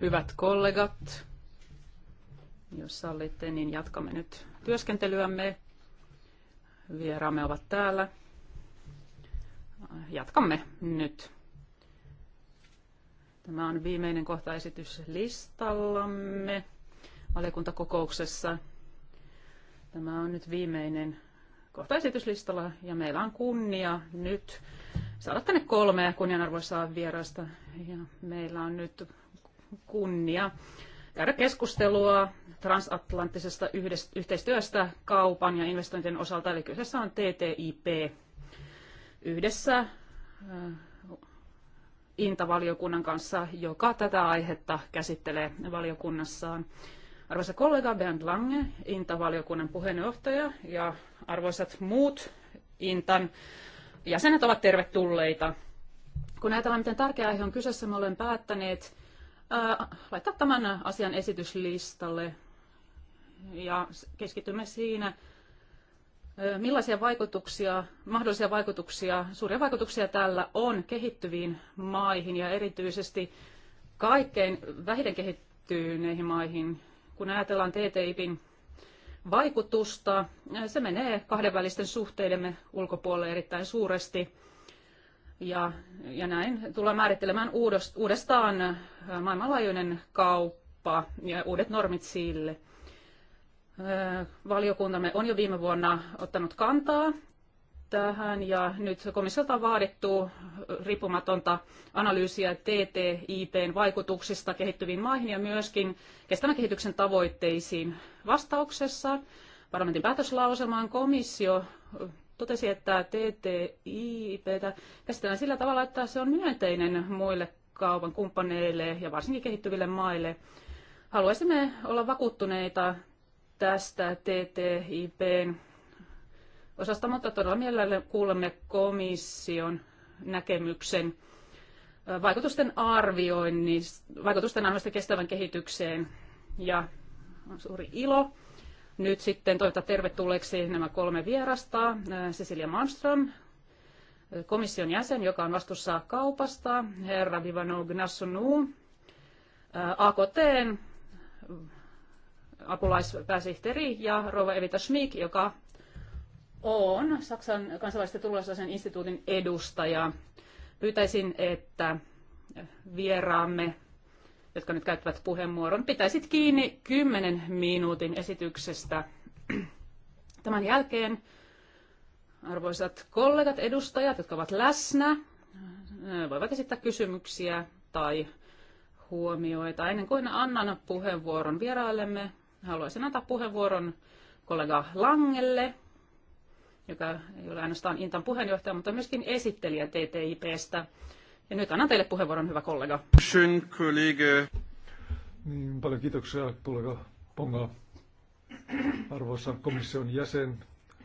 Hyvät kollegat, jos sallitte, niin jatkamme nyt työskentelyämme. Vieraamme ovat täällä. Jatkamme nyt. Tämä on viimeinen kohta esitys listallamme valiokuntakokouksessa. Tämä on nyt viimeinen kohta ja meillä on kunnia nyt saada tänne kolme kunnianarvoisaa vierasta. Ja meillä on nyt kunnia käydä keskustelua transatlanttisesta yhteistyöstä kaupan ja investointien osalta, eli kyseessä on TTIP yhdessä äh, Inta-valiokunnan kanssa, joka tätä aihetta käsittelee valiokunnassaan. Arvoisa kollega Bernd Lange, Inta-valiokunnan puheenjohtaja ja arvoisat muut Intan jäsenet ovat tervetulleita. Kun ajatellaan, miten tärkeä aihe on kyseessä, me olemme päättäneet ää, äh, laittaa tämän asian esityslistalle ja keskitymme siinä äh, millaisia vaikutuksia, mahdollisia vaikutuksia, suuria vaikutuksia tällä on kehittyviin maihin ja erityisesti kaikkein vähiten kehittyneihin maihin. Kun ajatellaan TTIPin vaikutusta. Se menee kahdenvälisten suhteidemme ulkopuolelle erittäin suuresti. Ja, ja näin tullaan määrittelemään uudestaan maailmanlaajuinen kauppa ja uudet normit sille. Valiokuntamme on jo viime vuonna ottanut kantaa tähän ja nyt komissiolta on vaadittu riippumatonta analyysiä TTIPn vaikutuksista kehittyviin maihin ja myöskin kestävän kehityksen tavoitteisiin. vastauksessa parlamentin päätöslauselmaan komissio totesi, että TTIPtä käsitellään sillä tavalla, että se on myönteinen muille kaupan kumppaneille ja varsinkin kehittyville maille. Haluaisimme olla vakuuttuneita tästä TTIPn osasta, mutta todella mielellämme kuulemme komission näkemyksen vaikutusten arvioinnista, vaikutusten arvioinnista kestävän kehitykseen. Ja on suuri ilo nyt sitten toivottaa tervetulleeksi nämä kolme vierasta. Cecilia Malmström, komission jäsen, joka on vastuussa kaupasta, herra Vivano Gnassonu, AKTn apulaispääsihteeri ja rouva Evita Schmik, joka Oon Saksan kansalaisten turvallisuuden instituutin edustaja. Pyytäisin, että vieraamme, jotka nyt käyttävät puheenvuoron, pitäisit kiinni 10 minuutin esityksestä. Tämän jälkeen arvoisat kollegat, edustajat, jotka ovat läsnä, voivat esittää kysymyksiä tai huomioita. Ennen kuin annan puheenvuoron vieraillemme, haluaisin antaa puheenvuoron kollega Langelle, joka ei ole ainoastaan Intan puheenjohtaja, mutta myöskin esittelijä TTIPstä. Ja nyt annan teille puheenvuoron, hyvä kollega. Schön, kollege. Niin, paljon kiitoksia, kollega Ponga. Arvoisa komission jäsen,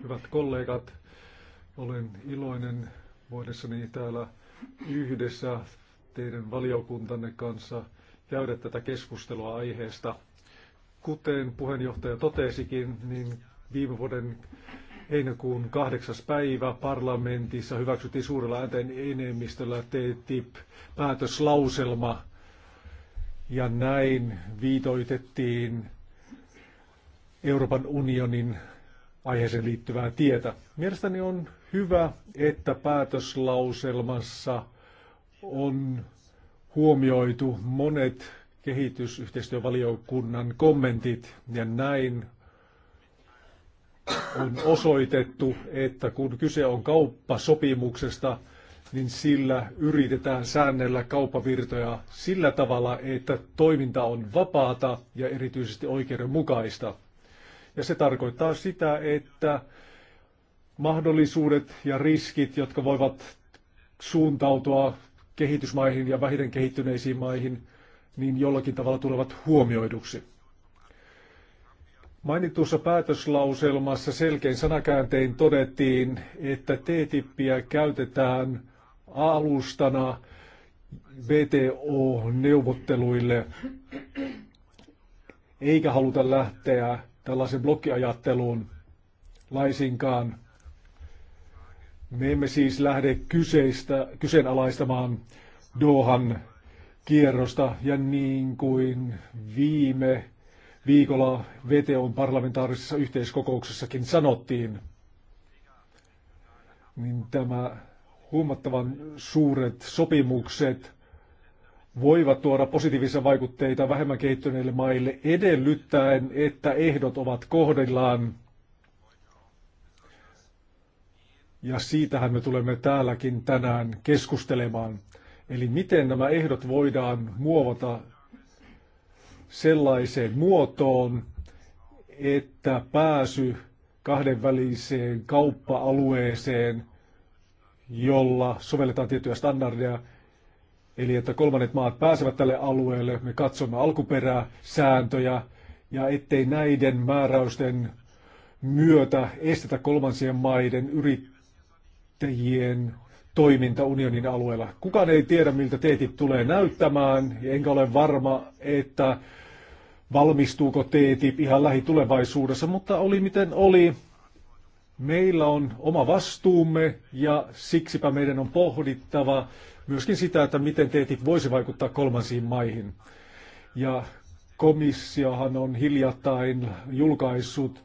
hyvät kollegat, olen iloinen voidessani täällä yhdessä teidän valiokuntanne kanssa käydä tätä keskustelua aiheesta. Kuten puheenjohtaja totesikin, niin viime vuoden Heinäkuun kahdeksas päivä parlamentissa hyväksyttiin suurella äänten enemmistöllä TTIP-päätöslauselma ja näin viitoitettiin Euroopan unionin aiheeseen liittyvää tietä. Mielestäni on hyvä, että päätöslauselmassa on huomioitu monet kehitysyhteistyövaliokunnan kommentit ja näin on osoitettu, että kun kyse on kauppasopimuksesta, niin sillä yritetään säännellä kauppavirtoja sillä tavalla, että toiminta on vapaata ja erityisesti oikeudenmukaista. Ja se tarkoittaa sitä, että mahdollisuudet ja riskit, jotka voivat suuntautua kehitysmaihin ja vähiten kehittyneisiin maihin, niin jollakin tavalla tulevat huomioiduksi. Mainitussa päätöslauselmassa selkein sanakääntein todettiin, että TTIPiä käytetään alustana VTO-neuvotteluille, eikä haluta lähteä tällaisen blokkiajatteluun laisinkaan. Me emme siis lähde kyseistä, kyseenalaistamaan Dohan kierrosta ja niin kuin viime viikolla VTOn parlamentaarisessa yhteiskokouksessakin sanottiin, niin tämä huomattavan suuret sopimukset voivat tuoda positiivisia vaikutteita vähemmän kehittyneille maille edellyttäen, että ehdot ovat kohdillaan. Ja siitähän me tulemme täälläkin tänään keskustelemaan. Eli miten nämä ehdot voidaan muovata sellaiseen muotoon, että pääsy kahdenväliseen kauppa-alueeseen, jolla sovelletaan tiettyjä standardeja, eli että kolmannet maat pääsevät tälle alueelle, me katsomme alkuperää, sääntöjä, ja ettei näiden määräysten myötä estetä kolmansien maiden yrittäjien toiminta unionin alueella. Kukaan ei tiedä, miltä TTIP tulee näyttämään, enkä ole varma, että valmistuuko TTIP ihan lähitulevaisuudessa, mutta oli miten oli. Meillä on oma vastuumme ja siksipä meidän on pohdittava myöskin sitä, että miten TTIP voisi vaikuttaa kolmansiin maihin. Ja komissiohan on hiljattain julkaissut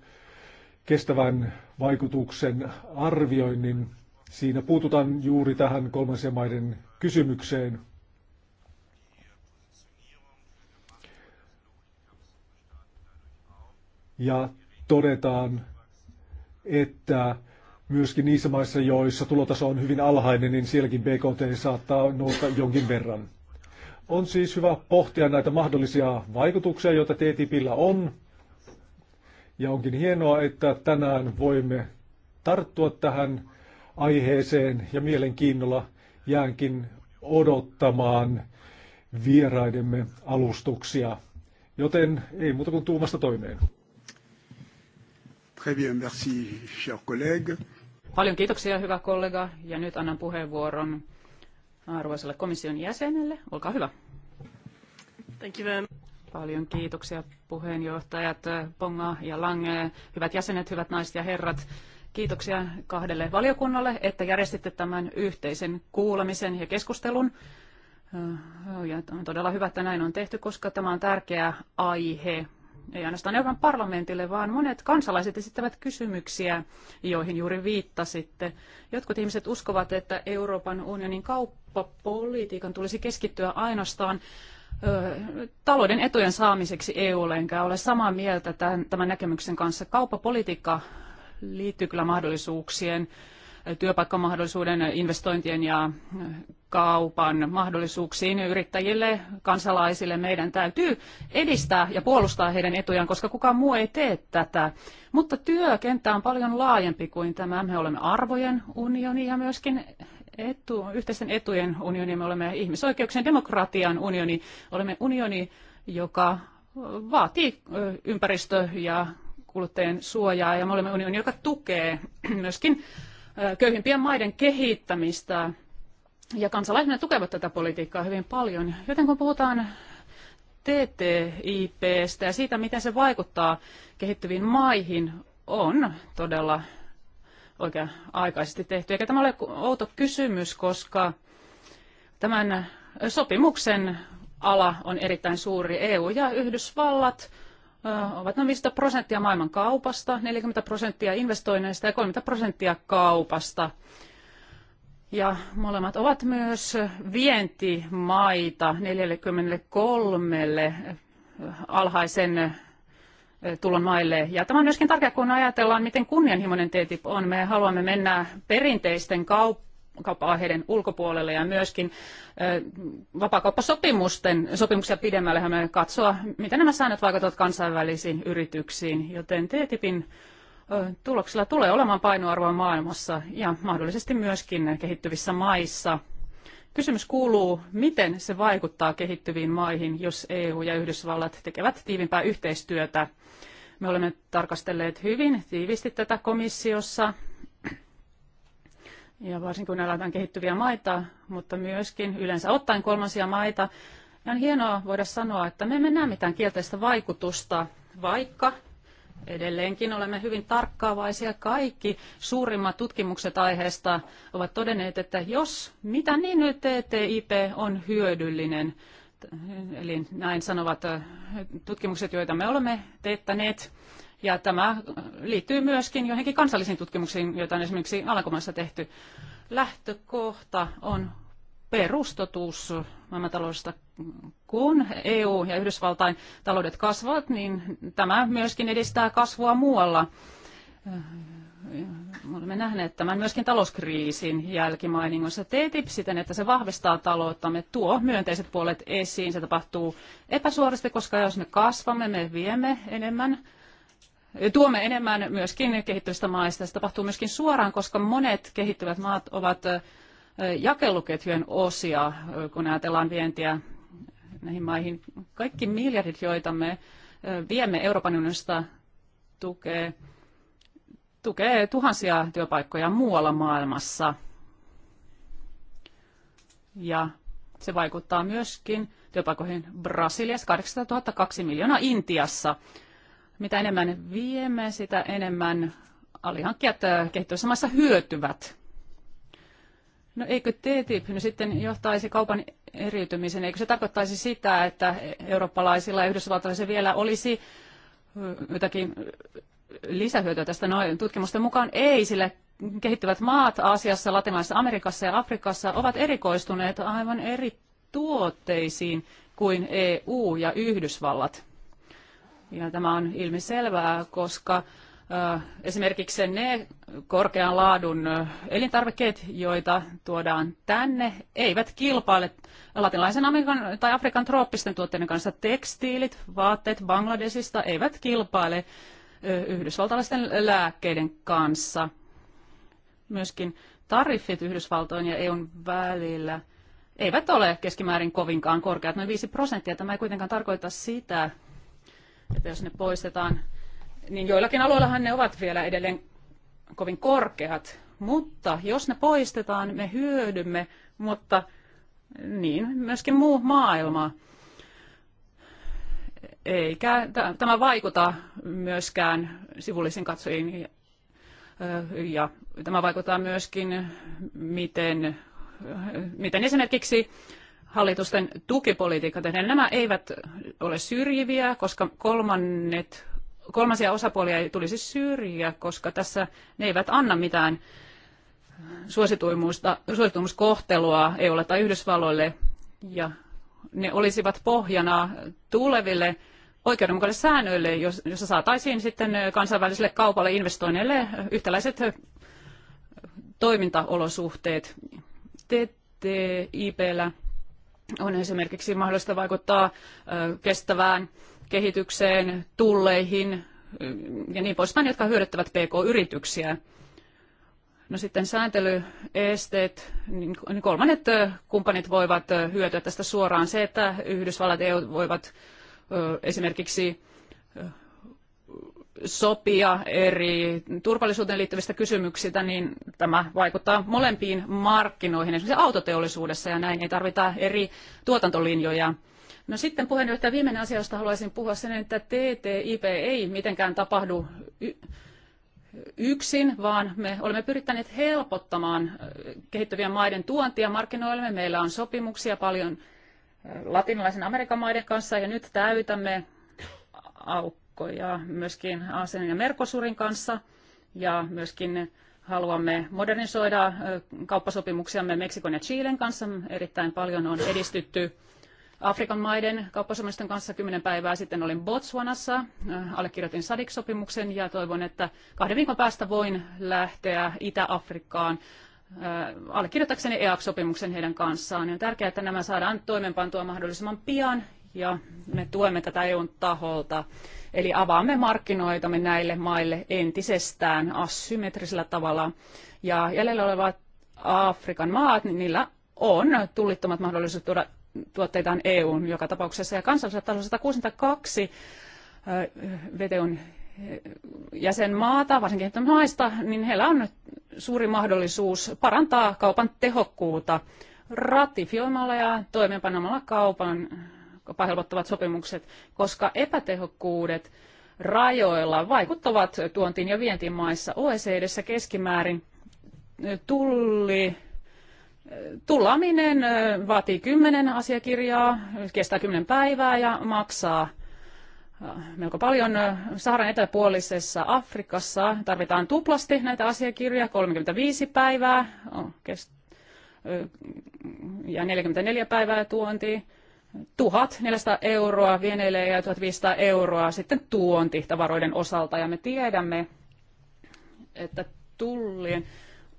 kestävän vaikutuksen arvioinnin Siinä puututaan juuri tähän kolmansien maiden kysymykseen. Ja todetaan, että myöskin niissä maissa, joissa tulotaso on hyvin alhainen, niin sielläkin BKT saattaa nousta jonkin verran. On siis hyvä pohtia näitä mahdollisia vaikutuksia, joita TTIPillä on. Ja onkin hienoa, että tänään voimme tarttua tähän aiheeseen ja mielenkiinnolla jäänkin odottamaan vieraidemme alustuksia. Joten ei muuta kuin tuumasta toimeen. Très bien, merci, cher collègue. Paljon kiitoksia, hyvä kollega. Ja nyt annan puheenvuoron arvoisalle komission jäsenelle. Olkaa hyvä. Thank you very much. Paljon kiitoksia puheenjohtajat Ponga ja Lange, hyvät jäsenet, hyvät naiset ja herrat. Kiitoksia kahdelle valiokunnalle, että järjestitte tämän yhteisen kuulemisen ja keskustelun. Äh, ja on todella hyvä, että näin on tehty, koska tämä on tärkeä aihe. Ei ainoastaan Euroopan parlamentille, vaan monet kansalaiset esittävät kysymyksiä, joihin juuri viittasitte. Jotkut ihmiset uskovat, että Euroopan unionin kauppapolitiikan tulisi keskittyä ainoastaan äh, talouden etujen saamiseksi EUlle, enkä ole samaa mieltä tämän, tämän näkemyksen kanssa. Kauppapolitiikka liittyy kyllä mahdollisuuksien, työpaikkamahdollisuuden, investointien ja eh, kaupan mahdollisuuksiin yrittäjille, kansalaisille. Meidän täytyy edistää ja puolustaa heidän etujaan, koska kukaan muu ei tee tätä. Mutta työkenttä on paljon laajempi kuin tämä. Me olemme arvojen unioni ja myöskin etu, yhteisten etujen unioni. Me olemme ihmisoikeuksien demokratian unioni. Olemme unioni, joka vaatii eh, ympäristö- ja kuluttajien suojaa ja me olemme unioni, joka tukee myöskin köyhimpien maiden kehittämistä. Ja kansalaiset tukevat tätä politiikkaa hyvin paljon. Joten kun puhutaan TTIPstä ja siitä, miten se vaikuttaa kehittyviin maihin, on todella oikea-aikaisesti tehty. Eikä tämä ole outo kysymys, koska tämän sopimuksen ala on erittäin suuri. EU ja Yhdysvallat ovat noin 15 prosenttia maailman kaupasta, 40 prosenttia investoinneista ja 30 prosenttia kaupasta. Ja molemmat ovat myös vientimaita 43 alhaisen tulon maille. Ja tämä on myöskin tärkeää, kun ajatellaan, miten kunnianhimoinen TTIP on. Me haluamme mennä perinteisten kaup- kauppa-aiheiden ulkopuolelle ja myöskin vapakauppasopimusten sopimuksia pidemmälle me katsoa, miten nämä säännöt vaikuttavat kansainvälisiin yrityksiin, joten TTIPin tuloksilla tulee olemaan painoarvoa maailmassa ja mahdollisesti myöskin kehittyvissä maissa. Kysymys kuuluu, miten se vaikuttaa kehittyviin maihin, jos EU ja Yhdysvallat tekevät tiivimpää yhteistyötä. Me olemme tarkastelleet hyvin tiivisti tätä komissiossa ja varsinkin kun ajatellaan kehittyviä maita, mutta myöskin yleensä ottaen kolmansia maita, ja niin on hienoa voida sanoa, että me emme näe mitään kielteistä vaikutusta, vaikka edelleenkin olemme hyvin tarkkaavaisia. Kaikki suurimmat tutkimukset aiheesta ovat todenneet, että jos mitä niin nyt TTIP on hyödyllinen. Eli näin sanovat tutkimukset, joita me olemme teettäneet. Ja tämä liittyy myöskin johonkin kansallisiin tutkimuksiin, joita on esimerkiksi Alankomaissa tehty. Lähtökohta on perustotuus maailmantaloudesta. Kun EU ja Yhdysvaltain taloudet kasvavat, niin tämä myöskin edistää kasvua muualla. Me olemme nähneet tämän myöskin talouskriisin jälkimainingossa. TTIP siten, että se vahvistaa talouttamme, tuo myönteiset puolet esiin. Se tapahtuu epäsuorasti, koska jos me kasvamme, me viemme enemmän tuomme enemmän myöskin kehittyvistä maista. Se tapahtuu myöskin suoraan, koska monet kehittyvät maat ovat jakeluketjujen osia, kun ajatellaan vientiä näihin maihin. Kaikki miljardit, joita me viemme Euroopan unionista, tukee, tukee tuhansia työpaikkoja muualla maailmassa. Ja se vaikuttaa myöskin työpaikoihin Brasiliassa 802 miljoonaa Intiassa mitä enemmän viemme, sitä enemmän alihankkijat äh, kehittyvissä maissa hyötyvät. No eikö TTIP no sitten johtaisi kaupan eriytymisen? Eikö se tarkoittaisi sitä, että eurooppalaisilla ja yhdysvaltalaisilla vielä olisi äh, jotakin äh, lisähyötyä tästä noin tutkimusten mukaan? Ei, sillä kehittyvät maat Aasiassa, Latinalaisessa Amerikassa ja Afrikassa ovat erikoistuneet aivan eri tuotteisiin kuin EU ja Yhdysvallat. Ja tämä on ilmiselvää, koska esimerkiksi ne korkean laadun elintarvikkeet, joita tuodaan tänne, eivät kilpaile latinalaisen Amerikan tai Afrikan trooppisten tuotteiden kanssa. Tekstiilit, vaatteet Bangladesista eivät kilpaile yhdysvaltalaisten lääkkeiden kanssa. Myöskin tariffit Yhdysvaltojen ja EUn välillä eivät ole keskimäärin kovinkaan korkeat, noin 5 prosenttia. Tämä ei kuitenkaan tarkoita sitä, että jos ne poistetaan, niin joillakin aloillahan ne ovat vielä edelleen kovin korkeat, mutta jos ne poistetaan, me hyödymme, mutta niin myöskin muu maailma. Eikä tämä vaikuta myöskään sivullisiin katsojiin ja tämä vaikuttaa myöskin, miten, miten esimerkiksi hallitusten tukipolitiikka tehdään. Nämä eivät ole syrjiviä, koska kolmannet, kolmansia osapuolia ei tulisi syrjiä, koska tässä ne eivät anna mitään ei ole tai Yhdysvalloille, ja ne olisivat pohjana tuleville oikeudenmukaisille säännöille, jossa saataisiin sitten kansainväliselle kaupalle investoinneille yhtäläiset toimintaolosuhteet. TTIPllä on esimerkiksi mahdollista vaikuttaa kestävään kehitykseen, tulleihin ja niin poispäin, jotka hyödyttävät PK-yrityksiä. No sitten sääntelyesteet, niin, niin kolmannet kumppanit voivat hyötyä tästä suoraan. Se, että Yhdysvallat ja EU voivat esimerkiksi sopia eri turvallisuuteen liittyvistä kysymyksistä, niin tämä vaikuttaa molempiin markkinoihin, esimerkiksi autoteollisuudessa, ja näin ei tarvita eri tuotantolinjoja. No sitten puheenjohtaja, viimeinen asia, josta haluaisin puhua sen, että TTIP ei mitenkään tapahdu yksin, vaan me olemme pyrittäneet helpottamaan kehittyvien maiden tuontia markkinoillemme. Meillä on sopimuksia paljon latinalaisen Amerikan maiden kanssa ja nyt täytämme auk- ja myöskin Aasian ja Mercosurin kanssa ja myöskin haluamme modernisoida kauppasopimuksiamme Meksikon ja Chilen kanssa. Erittäin paljon on edistytty Afrikan maiden kauppasopimusten kanssa kymmenen päivää sitten olin Botswanassa, allekirjoitin SADIK-sopimuksen ja toivon, että kahden viikon päästä voin lähteä Itä-Afrikkaan allekirjoitakseni eac sopimuksen heidän kanssaan. on tärkeää, että nämä saadaan toimeenpantua mahdollisimman pian ja me tuemme tätä EUn taholta. Eli avaamme markkinoitamme näille maille entisestään asymmetrisellä tavalla. Ja jäljellä olevat Afrikan maat, niin niillä on tullittomat mahdollisuudet tuoda tuotteitaan EUn joka tapauksessa. Ja kansallisella tasolla 162 VTUn jäsenmaata, varsinkin maista, niin heillä on suuri mahdollisuus parantaa kaupan tehokkuutta ratifioimalla ja toimeenpanemalla kaupan helpottavat sopimukset, koska epätehokkuudet rajoilla vaikuttavat tuontiin ja vientimaissa. OECDssä keskimäärin tulli Tulaminen vaatii kymmenen asiakirjaa, kestää kymmenen päivää ja maksaa melko paljon. Saharan eteläpuolisessa Afrikassa tarvitaan tuplasti näitä asiakirjoja, 35 päivää ja 44 päivää tuontiin. 1400 euroa vieneille ja 1500 euroa sitten tuontitavaroiden osalta. Ja me tiedämme, että tullien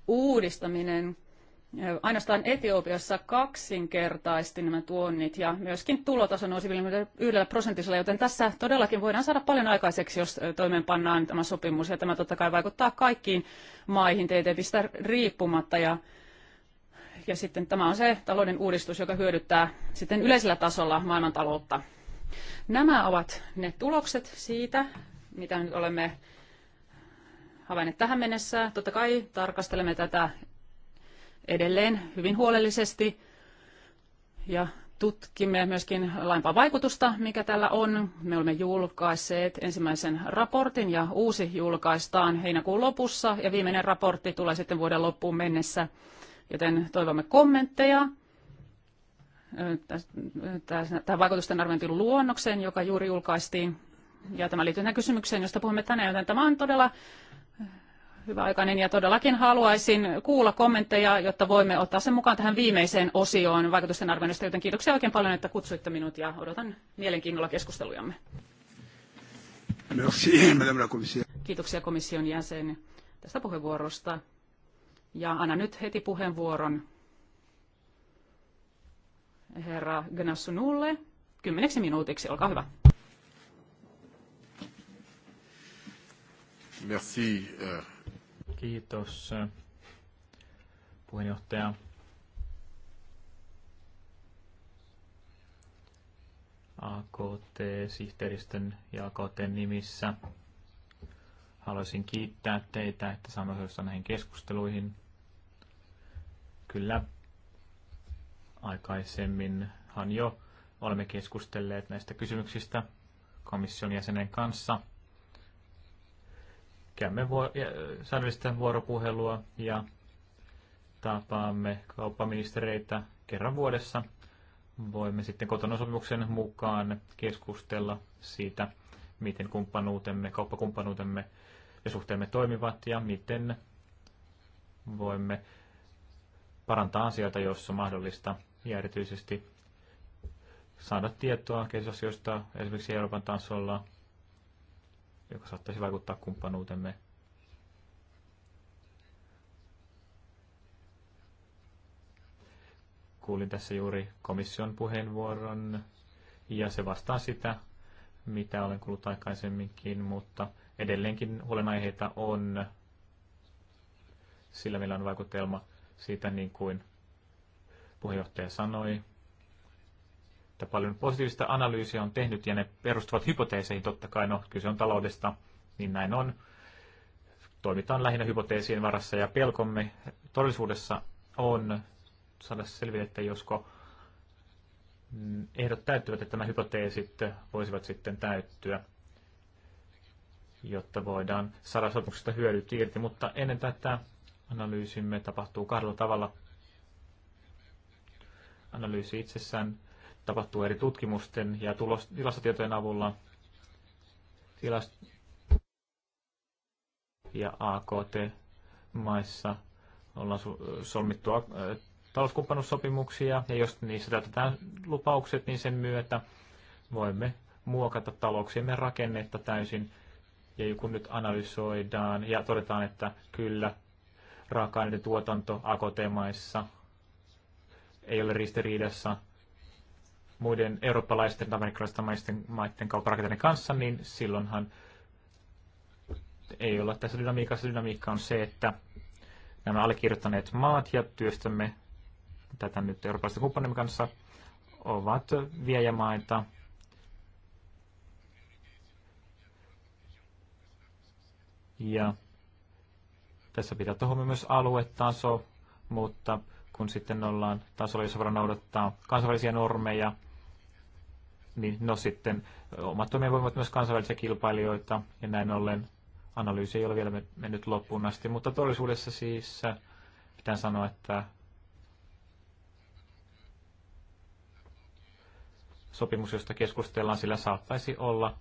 uudistaminen ainoastaan Etiopiassa kaksinkertaisti nämä tuonnit ja myöskin tulotaso nousi yhdellä prosentilla, joten tässä todellakin voidaan saada paljon aikaiseksi, jos toimeenpannaan tämä sopimus ja tämä totta kai vaikuttaa kaikkiin maihin TTIPistä riippumatta ja ja sitten tämä on se talouden uudistus, joka hyödyttää sitten yleisellä tasolla maailmantaloutta. Nämä ovat ne tulokset siitä, mitä nyt olemme havainneet tähän mennessä. Totta kai tarkastelemme tätä edelleen hyvin huolellisesti ja tutkimme myöskin lainpaa vaikutusta, mikä tällä on. Me olemme julkaisseet ensimmäisen raportin ja uusi julkaistaan heinäkuun lopussa ja viimeinen raportti tulee sitten vuoden loppuun mennessä. Joten toivomme kommentteja tähän vaikutusten arviointin luonnokseen, joka juuri julkaistiin. Ja tämä liittyy tähän kysymykseen, josta puhumme tänään, joten tämä on todella hyvä aikainen ja todellakin haluaisin kuulla kommentteja, jotta voimme ottaa sen mukaan tähän viimeiseen osioon vaikutusten arvioinnista, joten kiitoksia oikein paljon, että kutsuitte minut ja odotan mielenkiinnolla keskustelujamme. Merci, madame la Kiitoksia komission jäsen tästä puheenvuorosta. Ja anna nyt heti puheenvuoron herra Gnassunulle kymmeneksi minuutiksi. Olkaa hyvä. Merci. Euh. Kiitos äh, puheenjohtaja. AKT-sihteeristön ja akt nimissä haluaisin kiittää teitä, että saamme osallistua näihin keskusteluihin. Kyllä. Aikaisemminhan jo olemme keskustelleet näistä kysymyksistä komission jäsenen kanssa. Käymme vuor- säännöllistä vuoropuhelua ja tapaamme kauppaministereitä kerran vuodessa. Voimme sitten sopimuksen mukaan keskustella siitä, miten kumppanuutemme, kauppakumppanuutemme ja suhteemme toimivat ja miten voimme parantaa asioita, jos on mahdollista, ja erityisesti saada tietoa kehitysasioista esimerkiksi Euroopan tasolla, joka saattaisi vaikuttaa kumppanuutemme. Kuulin tässä juuri komission puheenvuoron, ja se vastaa sitä, mitä olen kuullut aikaisemminkin, mutta edelleenkin huolenaiheita on, sillä meillä on vaikutelma siitä, niin kuin puheenjohtaja sanoi, että paljon positiivista analyysiä on tehnyt ja ne perustuvat hypoteeseihin. Totta kai, no kyse on taloudesta, niin näin on. Toimitaan lähinnä hypoteesien varassa ja pelkomme todellisuudessa on saada selville, että josko ehdot täyttyvät, että nämä hypoteesit voisivat sitten täyttyä, jotta voidaan saada sopimuksesta hyödyt irti. Mutta ennen tätä Analyysimme tapahtuu kahdella tavalla. Analyysi itsessään tapahtuu eri tutkimusten ja tulos, tilastotietojen avulla. Tilast- ja AKT-maissa ollaan solmittu äh, talouskumppanuussopimuksia, ja jos niissä täytetään lupaukset, niin sen myötä voimme muokata talouksiemme rakennetta täysin. Ja kun nyt analysoidaan ja todetaan, että kyllä raaka-aineiden tuotanto AKT-maissa ei ole ristiriidassa muiden eurooppalaisten tai amerikkalaisten maisten, maiden kaupparakenteiden kanssa, niin silloinhan ei olla tässä dynamiikassa. Dynamiikka on se, että nämä allekirjoittaneet maat ja työstämme tätä nyt eurooppalaisten kumppanien kanssa ovat viejämaita, ja tässä pitää tuohon myös aluetaso, mutta kun sitten ollaan tasolla, jossa voidaan noudattaa kansainvälisiä normeja, niin no sitten omat toimijat voivat myös kansainvälisiä kilpailijoita, ja näin ollen analyysi ei ole vielä mennyt loppuun asti, mutta todellisuudessa siis äh, pitää sanoa, että sopimus, josta keskustellaan, sillä saattaisi olla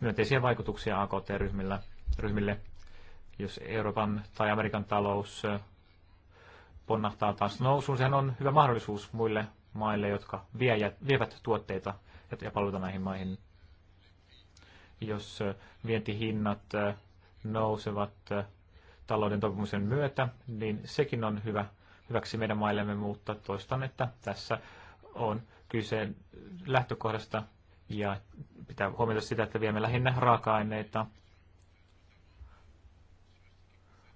myönteisiä vaikutuksia AKT-ryhmille. Jos Euroopan tai Amerikan talous ponnahtaa taas nousuun, sehän on hyvä mahdollisuus muille maille, jotka vievät tuotteita ja palveluita näihin maihin. Jos vientihinnat nousevat talouden toipumisen myötä, niin sekin on hyvä, hyväksi meidän maillemme, mutta toistan, että tässä on kyse lähtökohdasta ja pitää huomioida sitä, että viemme lähinnä raaka-aineita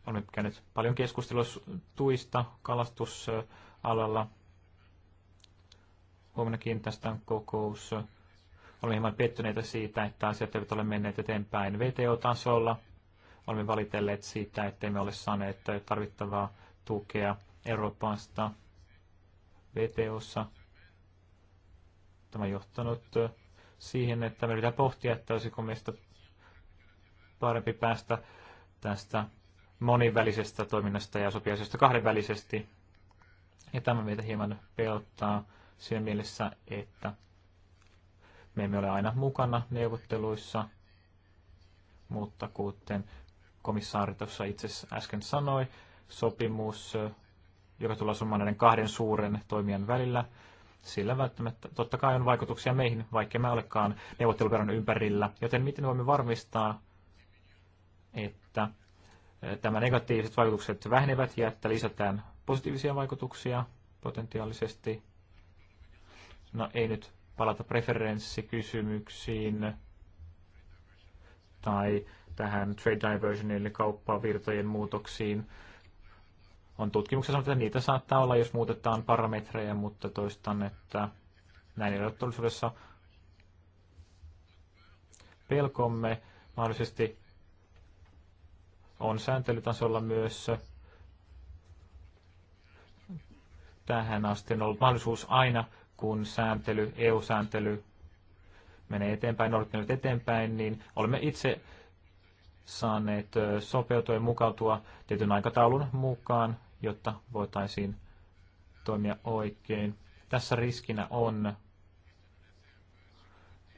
on käynyt paljon keskustelua tuista kalastusalalla. Huomennakin tästä on kokous. Olemme hieman pettyneitä siitä, että asiat eivät ole menneet eteenpäin VTO-tasolla. Olemme valitelleet siitä, että emme ole saaneet tarvittavaa tukea Euroopasta VTOssa. Tämä on johtanut siihen, että me pitää pohtia, että olisiko meistä parempi päästä tästä monivälisestä toiminnasta ja sopii asioista kahdenvälisesti. Ja tämä meitä hieman pelottaa siinä mielessä, että me emme ole aina mukana neuvotteluissa, mutta kuten komissaari tuossa itse äsken sanoi, sopimus, joka tulee summaan näiden kahden suuren toimijan välillä, sillä välttämättä totta kai on vaikutuksia meihin, vaikka me olekaan neuvotteluperän ympärillä. Joten miten voimme varmistaa, että tämä negatiiviset vaikutukset vähenevät ja että lisätään positiivisia vaikutuksia potentiaalisesti. No ei nyt palata preferenssikysymyksiin tai tähän trade diversion eli kauppavirtojen muutoksiin. On tutkimuksessa sanottu, että niitä saattaa olla, jos muutetaan parametreja, mutta toistan, että näin ei ole todellisuudessa. Pelkomme mahdollisesti on sääntelytasolla myös tähän asti on ollut mahdollisuus aina, kun sääntely, EU-sääntely menee eteenpäin, noudattanut eteenpäin, niin olemme itse saaneet sopeutua ja mukautua tietyn aikataulun mukaan, jotta voitaisiin toimia oikein. Tässä riskinä on,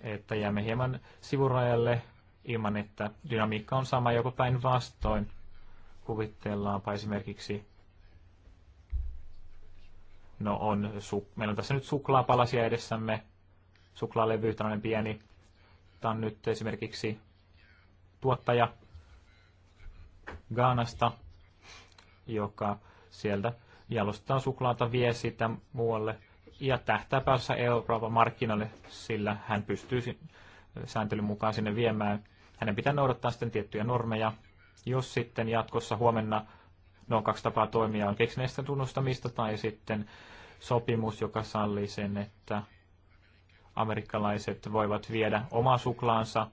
että jäämme hieman sivurajalle ilman, että dynamiikka on sama joko päinvastoin. Kuvitellaanpa esimerkiksi, no on, su, meillä on tässä nyt suklaapalasia edessämme, suklaalevy, tällainen pieni, tämä on nyt esimerkiksi tuottaja Gaanasta, joka sieltä jalostaa suklaata, vie sitä muualle ja tähtää päässä Euroopan markkinoille, sillä hän pystyy sääntelyn mukaan sinne viemään hänen pitää noudattaa sitten tiettyjä normeja. Jos sitten jatkossa huomenna, no kaksi tapaa toimia on keksineestä tunnustamista tai sitten sopimus, joka sallii sen, että amerikkalaiset voivat viedä oma suklaansa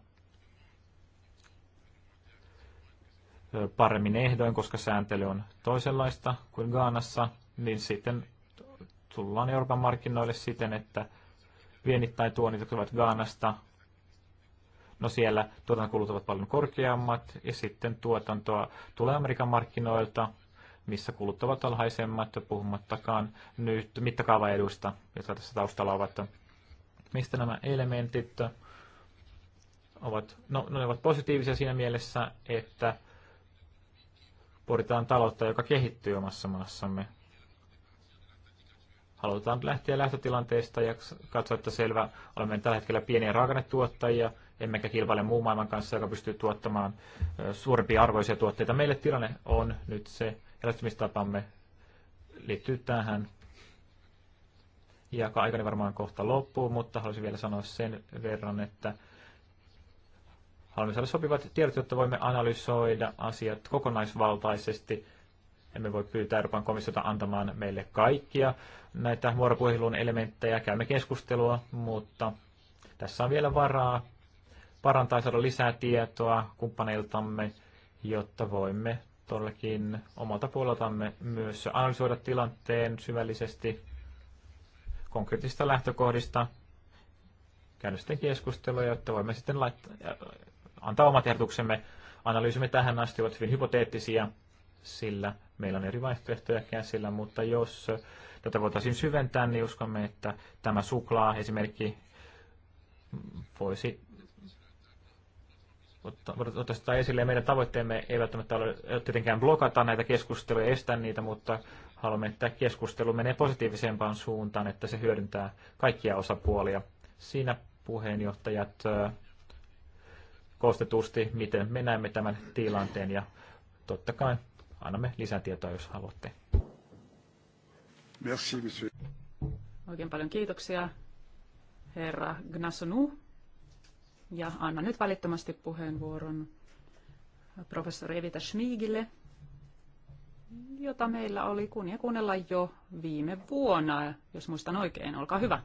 paremmin ehdoin, koska sääntely on toisenlaista kuin Gaanassa, niin sitten tullaan Euroopan markkinoille siten, että vienit tai tuonit, jotka ovat Gaanasta, No siellä tuotantokulut ovat paljon korkeammat ja sitten tuotantoa tulee Amerikan markkinoilta, missä kulut ovat alhaisemmat, puhumattakaan nyt mittakaavaedusta, jotka tässä taustalla ovat. Mistä nämä elementit ovat, no, ne ovat positiivisia siinä mielessä, että puritaan taloutta, joka kehittyy omassa maassamme halutaan lähteä lähtötilanteesta ja katsoa, että selvä, olemme tällä hetkellä pieniä raaka-ainetuottajia, emmekä kilpaile muun maailman kanssa, joka pystyy tuottamaan suurempia arvoisia tuotteita. Meille tilanne on nyt se, lähtemistapamme liittyy tähän. Ja aikani varmaan kohta loppuu, mutta haluaisin vielä sanoa sen verran, että haluamme saada sopivat tiedot, jotta voimme analysoida asiat kokonaisvaltaisesti emme voi pyytää Euroopan komissiota antamaan meille kaikkia näitä vuoropuhelun elementtejä. Käymme keskustelua, mutta tässä on vielä varaa parantaa saada lisää tietoa kumppaneiltamme, jotta voimme todellakin omalta puoleltamme myös analysoida tilanteen syvällisesti konkreettisista lähtökohdista, käydä sitten keskustelua, jotta voimme sitten laittaa, antaa omat ehdotuksemme. Analyysimme tähän asti ovat hyvin hypoteettisia, sillä Meillä on eri vaihtoehtoja käsillä, mutta jos tätä voitaisiin syventää, niin uskomme, että tämä suklaa esimerkki voisi ottaa, ottaa sitä esille. meidän tavoitteemme ei välttämättä ole tietenkään blokata näitä keskusteluja, estää niitä, mutta haluamme, että keskustelu menee positiivisempaan suuntaan, että se hyödyntää kaikkia osapuolia. Siinä puheenjohtajat koostetusti, miten me näemme tämän tilanteen ja totta kai annamme lisätietoa, jos haluatte. Merci, monsieur. Oikein paljon kiitoksia, herra Gnassonu. Ja annan nyt välittömästi puheenvuoron professori Evita Schmigille, jota meillä oli kunnia kuunnella jo viime vuonna, jos muistan oikein. Olkaa hyvä.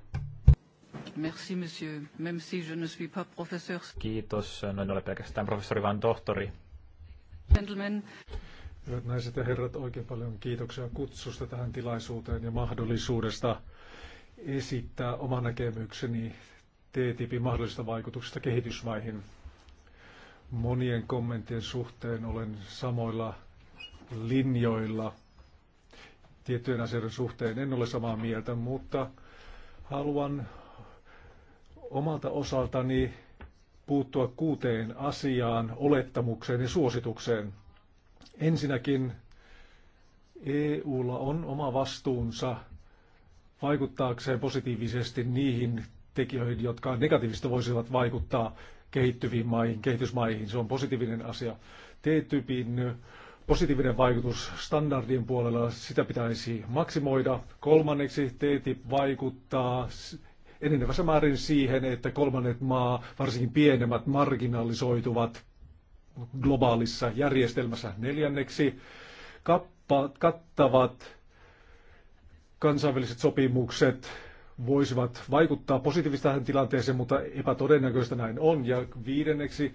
Merci, monsieur. Même si je ne suis pas professeur. Kiitos. No en ole pelkästään professori, vaan tohtori. Gentlemen. Hyvät naiset ja herrat, oikein paljon kiitoksia kutsusta tähän tilaisuuteen ja mahdollisuudesta esittää oma näkemykseni TTIPin mahdollisista vaikutuksista kehitysmaihin. Monien kommenttien suhteen olen samoilla linjoilla. Tiettyjen asioiden suhteen en ole samaa mieltä, mutta haluan omalta osaltani puuttua kuuteen asiaan, olettamukseen ja suositukseen – Ensinnäkin EUlla on oma vastuunsa vaikuttaakseen positiivisesti niihin tekijöihin, jotka negatiivisesti voisivat vaikuttaa kehittyviin maihin, kehitysmaihin. Se on positiivinen asia. T-tyypin positiivinen vaikutus standardien puolella, sitä pitäisi maksimoida. Kolmanneksi t vaikuttaa enenevässä määrin siihen, että kolmannet maa, varsinkin pienemmät, marginalisoituvat globaalissa järjestelmässä. Neljänneksi kappa, kattavat kansainväliset sopimukset voisivat vaikuttaa positiivisesti tähän tilanteeseen, mutta epätodennäköistä näin on. Ja viidenneksi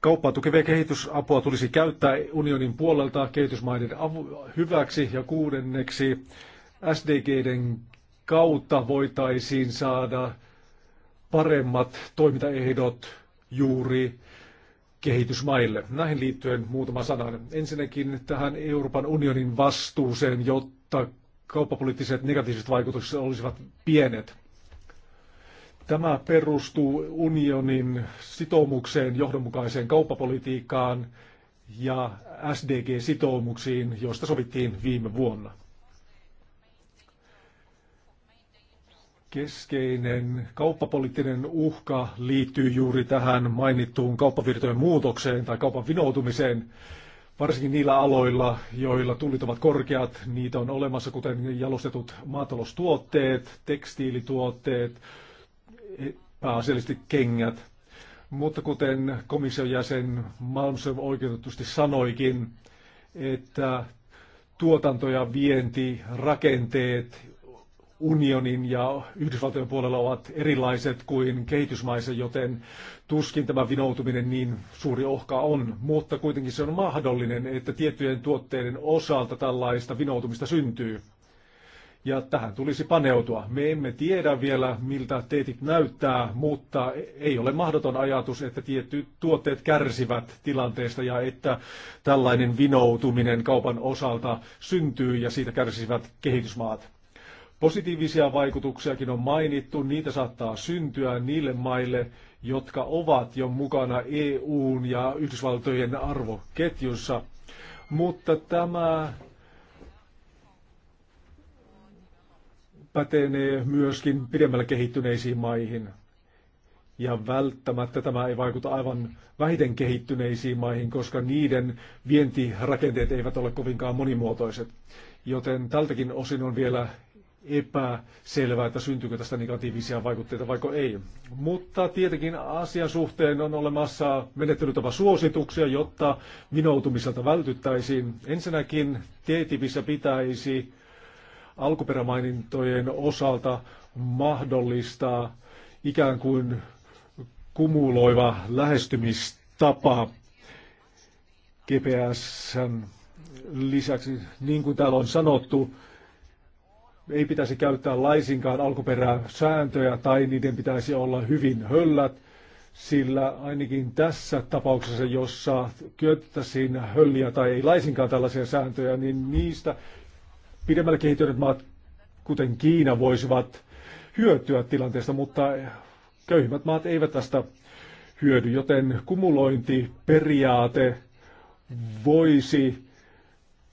Kauppaa tukevia kehitysapua tulisi käyttää unionin puolelta kehitysmaiden hyväksi ja kuudenneksi SDGden kautta voitaisiin saada paremmat toimintaehdot juuri kehitysmaille. Näihin liittyen muutama sana Ensinnäkin tähän Euroopan unionin vastuuseen, jotta kauppapoliittiset negatiiviset vaikutukset olisivat pienet. Tämä perustuu unionin sitoumukseen johdonmukaiseen kauppapolitiikkaan ja SDG-sitoumuksiin, joista sovittiin viime vuonna. keskeinen kauppapoliittinen uhka liittyy juuri tähän mainittuun kauppavirtojen muutokseen tai kaupan vinoutumiseen, varsinkin niillä aloilla, joilla tullit ovat korkeat. Niitä on olemassa, kuten jalostetut maataloustuotteet, tekstiilituotteet, pääasiallisesti kengät. Mutta kuten komission jäsen Malmström oikeutetusti sanoikin, että tuotanto- ja vientirakenteet unionin ja Yhdysvaltojen puolella ovat erilaiset kuin kehitysmaissa, joten tuskin tämä vinoutuminen niin suuri ohka on. Mutta kuitenkin se on mahdollinen, että tiettyjen tuotteiden osalta tällaista vinoutumista syntyy. Ja tähän tulisi paneutua. Me emme tiedä vielä, miltä teetit näyttää, mutta ei ole mahdoton ajatus, että tietyt tuotteet kärsivät tilanteesta ja että tällainen vinoutuminen kaupan osalta syntyy ja siitä kärsivät kehitysmaat. Positiivisia vaikutuksiakin on mainittu, niitä saattaa syntyä niille maille, jotka ovat jo mukana EUn ja Yhdysvaltojen arvoketjussa. Mutta tämä pätenee myöskin pidemmällä kehittyneisiin maihin. Ja välttämättä tämä ei vaikuta aivan vähiten kehittyneisiin maihin, koska niiden vientirakenteet eivät ole kovinkaan monimuotoiset. Joten tältäkin osin on vielä epäselvää, että syntyykö tästä negatiivisia vaikutteita vaiko ei. Mutta tietenkin asian suhteen on olemassa menettelytapa suosituksia, jotta vinoutumiselta vältyttäisiin. Ensinnäkin tietivissä pitäisi alkuperämainintojen osalta mahdollistaa ikään kuin kumuloiva lähestymistapa GPS lisäksi, niin kuin täällä on sanottu, ei pitäisi käyttää laisinkaan alkuperää sääntöjä tai niiden pitäisi olla hyvin höllät, sillä ainakin tässä tapauksessa, jossa käytettäisiin hölliä tai ei laisinkaan tällaisia sääntöjä, niin niistä pidemmällä kehittyneet maat, kuten Kiina, voisivat hyötyä tilanteesta, mutta köyhimmät maat eivät tästä hyödy, joten kumulointiperiaate voisi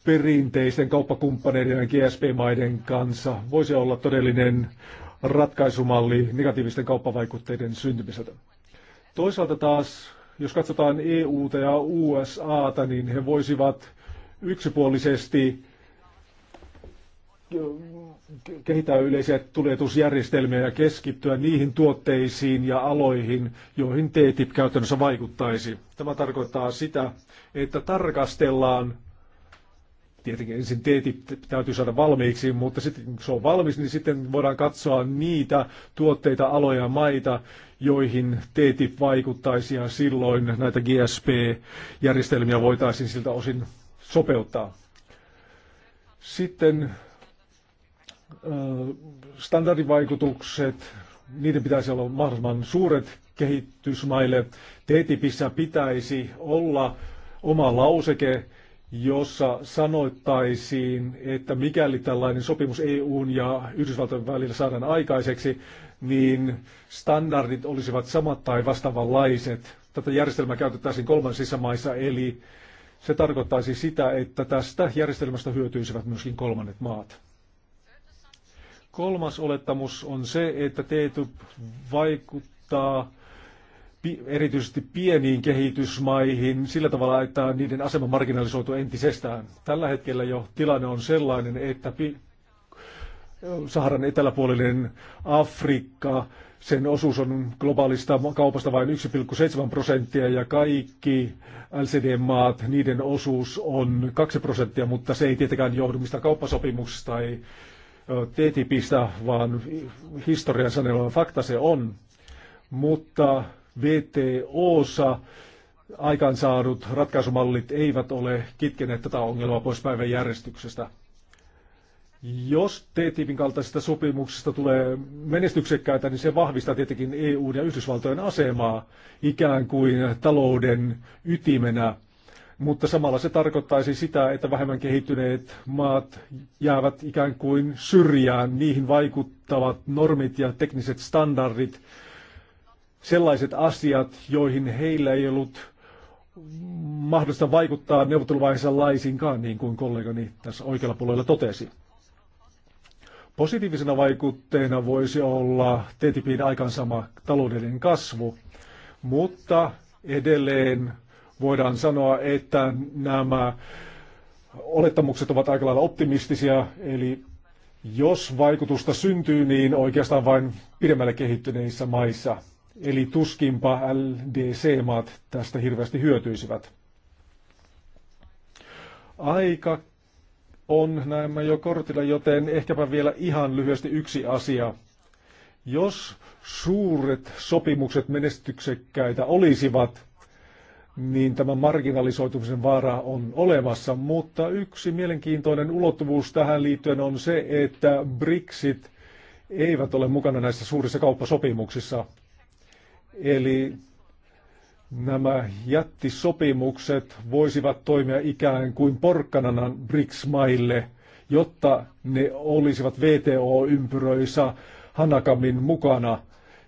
perinteisten kauppakumppaneiden ja GSP-maiden kanssa voisi olla todellinen ratkaisumalli negatiivisten kauppavaikutteiden syntymiseltä. Toisaalta taas, jos katsotaan EUta ja USAta, niin he voisivat yksipuolisesti kehittää yleisiä tuletusjärjestelmiä ja keskittyä niihin tuotteisiin ja aloihin, joihin TTIP käytännössä vaikuttaisi. Tämä tarkoittaa sitä, että tarkastellaan Tietenkin ensin teetit täytyy saada valmiiksi, mutta sitten kun se on valmis, niin sitten voidaan katsoa niitä tuotteita, aloja ja maita, joihin TTIP vaikuttaisi ja silloin näitä GSP-järjestelmiä voitaisiin siltä osin sopeuttaa. Sitten standardivaikutukset, niiden pitäisi olla mahdollisimman suuret kehitysmaille. TTIPissä pitäisi olla oma lauseke, jossa sanoittaisiin, että mikäli tällainen sopimus EUn ja Yhdysvaltojen välillä saadaan aikaiseksi, niin standardit olisivat samat tai vastaavanlaiset. Tätä järjestelmää käytettäisiin kolmansissa maissa, eli se tarkoittaisi sitä, että tästä järjestelmästä hyötyisivät myöskin kolmannet maat. Kolmas olettamus on se, että TTIP vaikuttaa erityisesti pieniin kehitysmaihin sillä tavalla, että niiden asema marginalisoitu entisestään. Tällä hetkellä jo tilanne on sellainen, että Saharan eteläpuolinen Afrikka, sen osuus on globaalista kaupasta vain 1,7 prosenttia ja kaikki LCD-maat, niiden osuus on 2 prosenttia, mutta se ei tietenkään johdu mistä kauppasopimuksesta tai TTIPistä, vaan historian sanelua fakta se on. Mutta VTOssa aikaansaadut ratkaisumallit eivät ole kitkeneet tätä ongelmaa pois päivän järjestyksestä. Jos TTIPin kaltaisista sopimuksista tulee menestyksekkäitä, niin se vahvistaa tietenkin EUn ja Yhdysvaltojen asemaa ikään kuin talouden ytimenä. Mutta samalla se tarkoittaisi sitä, että vähemmän kehittyneet maat jäävät ikään kuin syrjään. Niihin vaikuttavat normit ja tekniset standardit, sellaiset asiat, joihin heillä ei ollut mahdollista vaikuttaa neuvotteluvaiheessa laisinkaan, niin kuin kollegani tässä oikealla puolella totesi. Positiivisena vaikutteena voisi olla TTIPin aikansama taloudellinen kasvu, mutta edelleen voidaan sanoa, että nämä olettamukset ovat aika lailla optimistisia, eli jos vaikutusta syntyy, niin oikeastaan vain pidemmälle kehittyneissä maissa – Eli tuskinpa LDC-maat tästä hirveästi hyötyisivät. Aika on näemme jo kortilla, joten ehkäpä vielä ihan lyhyesti yksi asia. Jos suuret sopimukset menestyksekkäitä olisivat, niin tämä marginalisoitumisen vaara on olemassa, mutta yksi mielenkiintoinen ulottuvuus tähän liittyen on se, että Brexit eivät ole mukana näissä suurissa kauppasopimuksissa. Eli nämä jättisopimukset voisivat toimia ikään kuin porkkanana BRICS-maille, jotta ne olisivat VTO-ympyröissä Hanakamin mukana,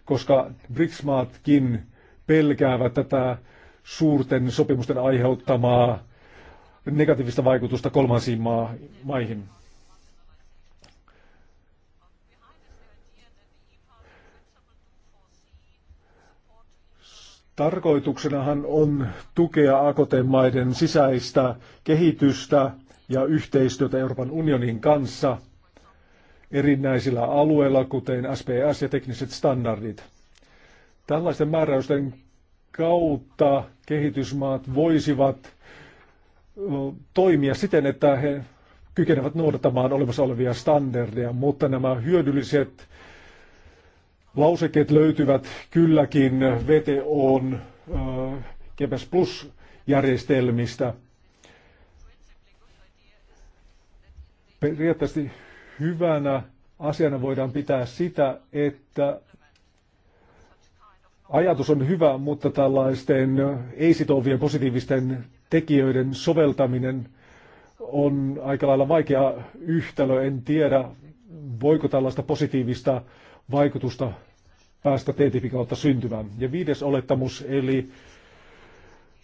koska BRICS-maatkin pelkäävät tätä suurten sopimusten aiheuttamaa negatiivista vaikutusta kolmansiin maihin. Tarkoituksenahan on tukea AKT-maiden sisäistä kehitystä ja yhteistyötä Euroopan unionin kanssa erinäisillä alueilla, kuten SPS ja tekniset standardit. Tällaisten määräysten kautta kehitysmaat voisivat toimia siten, että he kykenevät noudattamaan olemassa olevia standardeja, mutta nämä hyödylliset lausekkeet löytyvät kylläkin VTOn GPS Plus-järjestelmistä. Periaatteessa hyvänä asiana voidaan pitää sitä, että ajatus on hyvä, mutta tällaisten ei-sitovien positiivisten tekijöiden soveltaminen on aika lailla vaikea yhtälö. En tiedä, voiko tällaista positiivista vaikutusta päästä TTIPin kautta syntymään. Ja viides olettamus, eli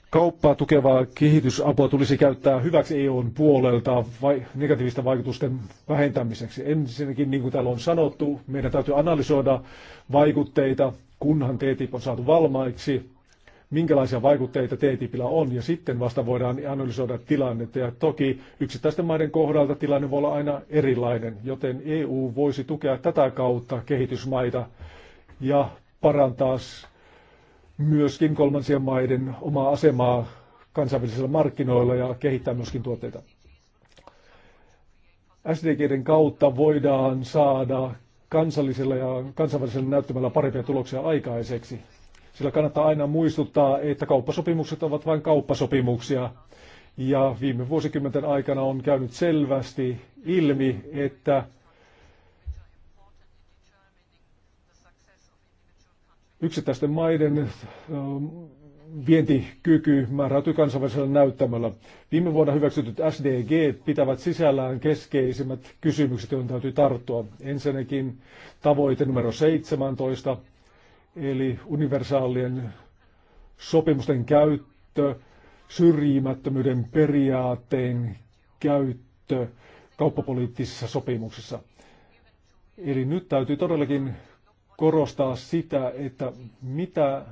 kauppaa tukevaa kehitysapua tulisi käyttää hyväksi EUn puolelta vai, negatiivisten vaikutusten vähentämiseksi. Ensinnäkin, niin kuin täällä on sanottu, meidän täytyy analysoida vaikutteita, kunhan TTIP on saatu valmaiksi minkälaisia vaikutteita TTIPillä on, ja sitten vasta voidaan analysoida tilannetta. Ja toki yksittäisten maiden kohdalta tilanne voi olla aina erilainen, joten EU voisi tukea tätä kautta kehitysmaita ja parantaa myöskin kolmansien maiden omaa asemaa kansainvälisillä markkinoilla ja kehittää myöskin tuotteita. SDGiden kautta voidaan saada kansallisella ja kansainvälisellä näyttämällä parempia tuloksia aikaiseksi sillä kannattaa aina muistuttaa, että kauppasopimukset ovat vain kauppasopimuksia. Ja viime vuosikymmenten aikana on käynyt selvästi ilmi, että yksittäisten maiden ähm, vientikyky määräytyy kansainvälisellä näyttämällä Viime vuonna hyväksytyt SDG pitävät sisällään keskeisimmät kysymykset, joihin täytyy tarttua. Ensinnäkin tavoite numero 17, eli universaalien sopimusten käyttö, syrjimättömyyden periaatteen käyttö kauppapoliittisissa sopimuksissa. Eli nyt täytyy todellakin korostaa sitä, että mitä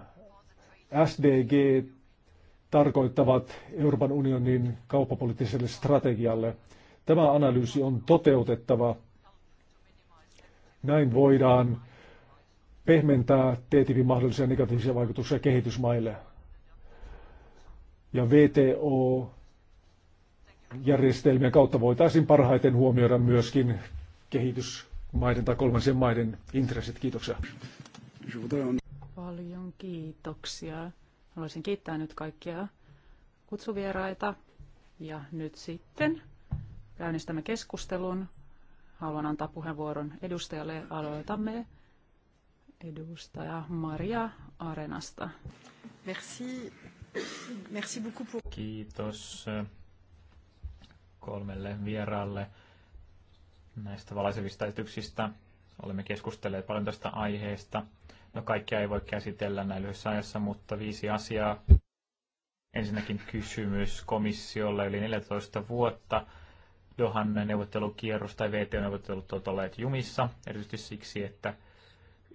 SDG tarkoittavat Euroopan unionin kauppapoliittiselle strategialle. Tämä analyysi on toteutettava. Näin voidaan pehmentää TTIPin mahdollisia negatiivisia vaikutuksia kehitysmaille. Ja VTO järjestelmien kautta voitaisiin parhaiten huomioida myöskin kehitysmaiden tai kolmansien maiden intressit. Kiitoksia. Paljon kiitoksia. Haluaisin kiittää nyt kaikkia kutsuvieraita. Ja nyt sitten käynnistämme keskustelun. Haluan antaa puheenvuoron edustajalle. Aloitamme edustaja Maria Arenasta. Merci. Merci beaucoup pour... Kiitos kolmelle vieraalle näistä valaisevista esityksistä. Olemme keskustelleet paljon tästä aiheesta. No kaikkia ei voi käsitellä näin lyhyessä ajassa, mutta viisi asiaa. Ensinnäkin kysymys komissiolle yli 14 vuotta. Johan neuvottelukierros tai VT-neuvottelut ovat olleet jumissa, erityisesti siksi, että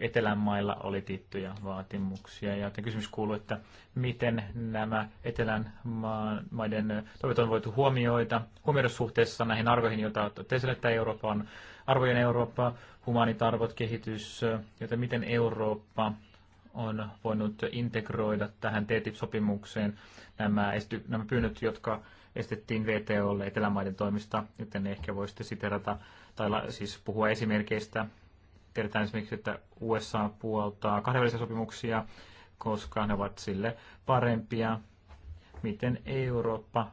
etelän mailla oli tiettyjä vaatimuksia. Ja kysymys kuuluu, että miten nämä etelän maiden toivot on voitu huomioida, huomioida suhteessa näihin arvoihin, joita olette esille, että Eurooppa on arvojen Eurooppa, humanit arvot, kehitys, joten miten Eurooppa on voinut integroida tähän TTIP-sopimukseen nämä, esty, nämä pyynnöt, jotka estettiin VTOlle etelämaiden toimista, joten ehkä voisitte siterata tai siis puhua esimerkkeistä Tiedetään esimerkiksi, että USA puoltaa kahdenvälisiä sopimuksia, koska ne ovat sille parempia. Miten Eurooppa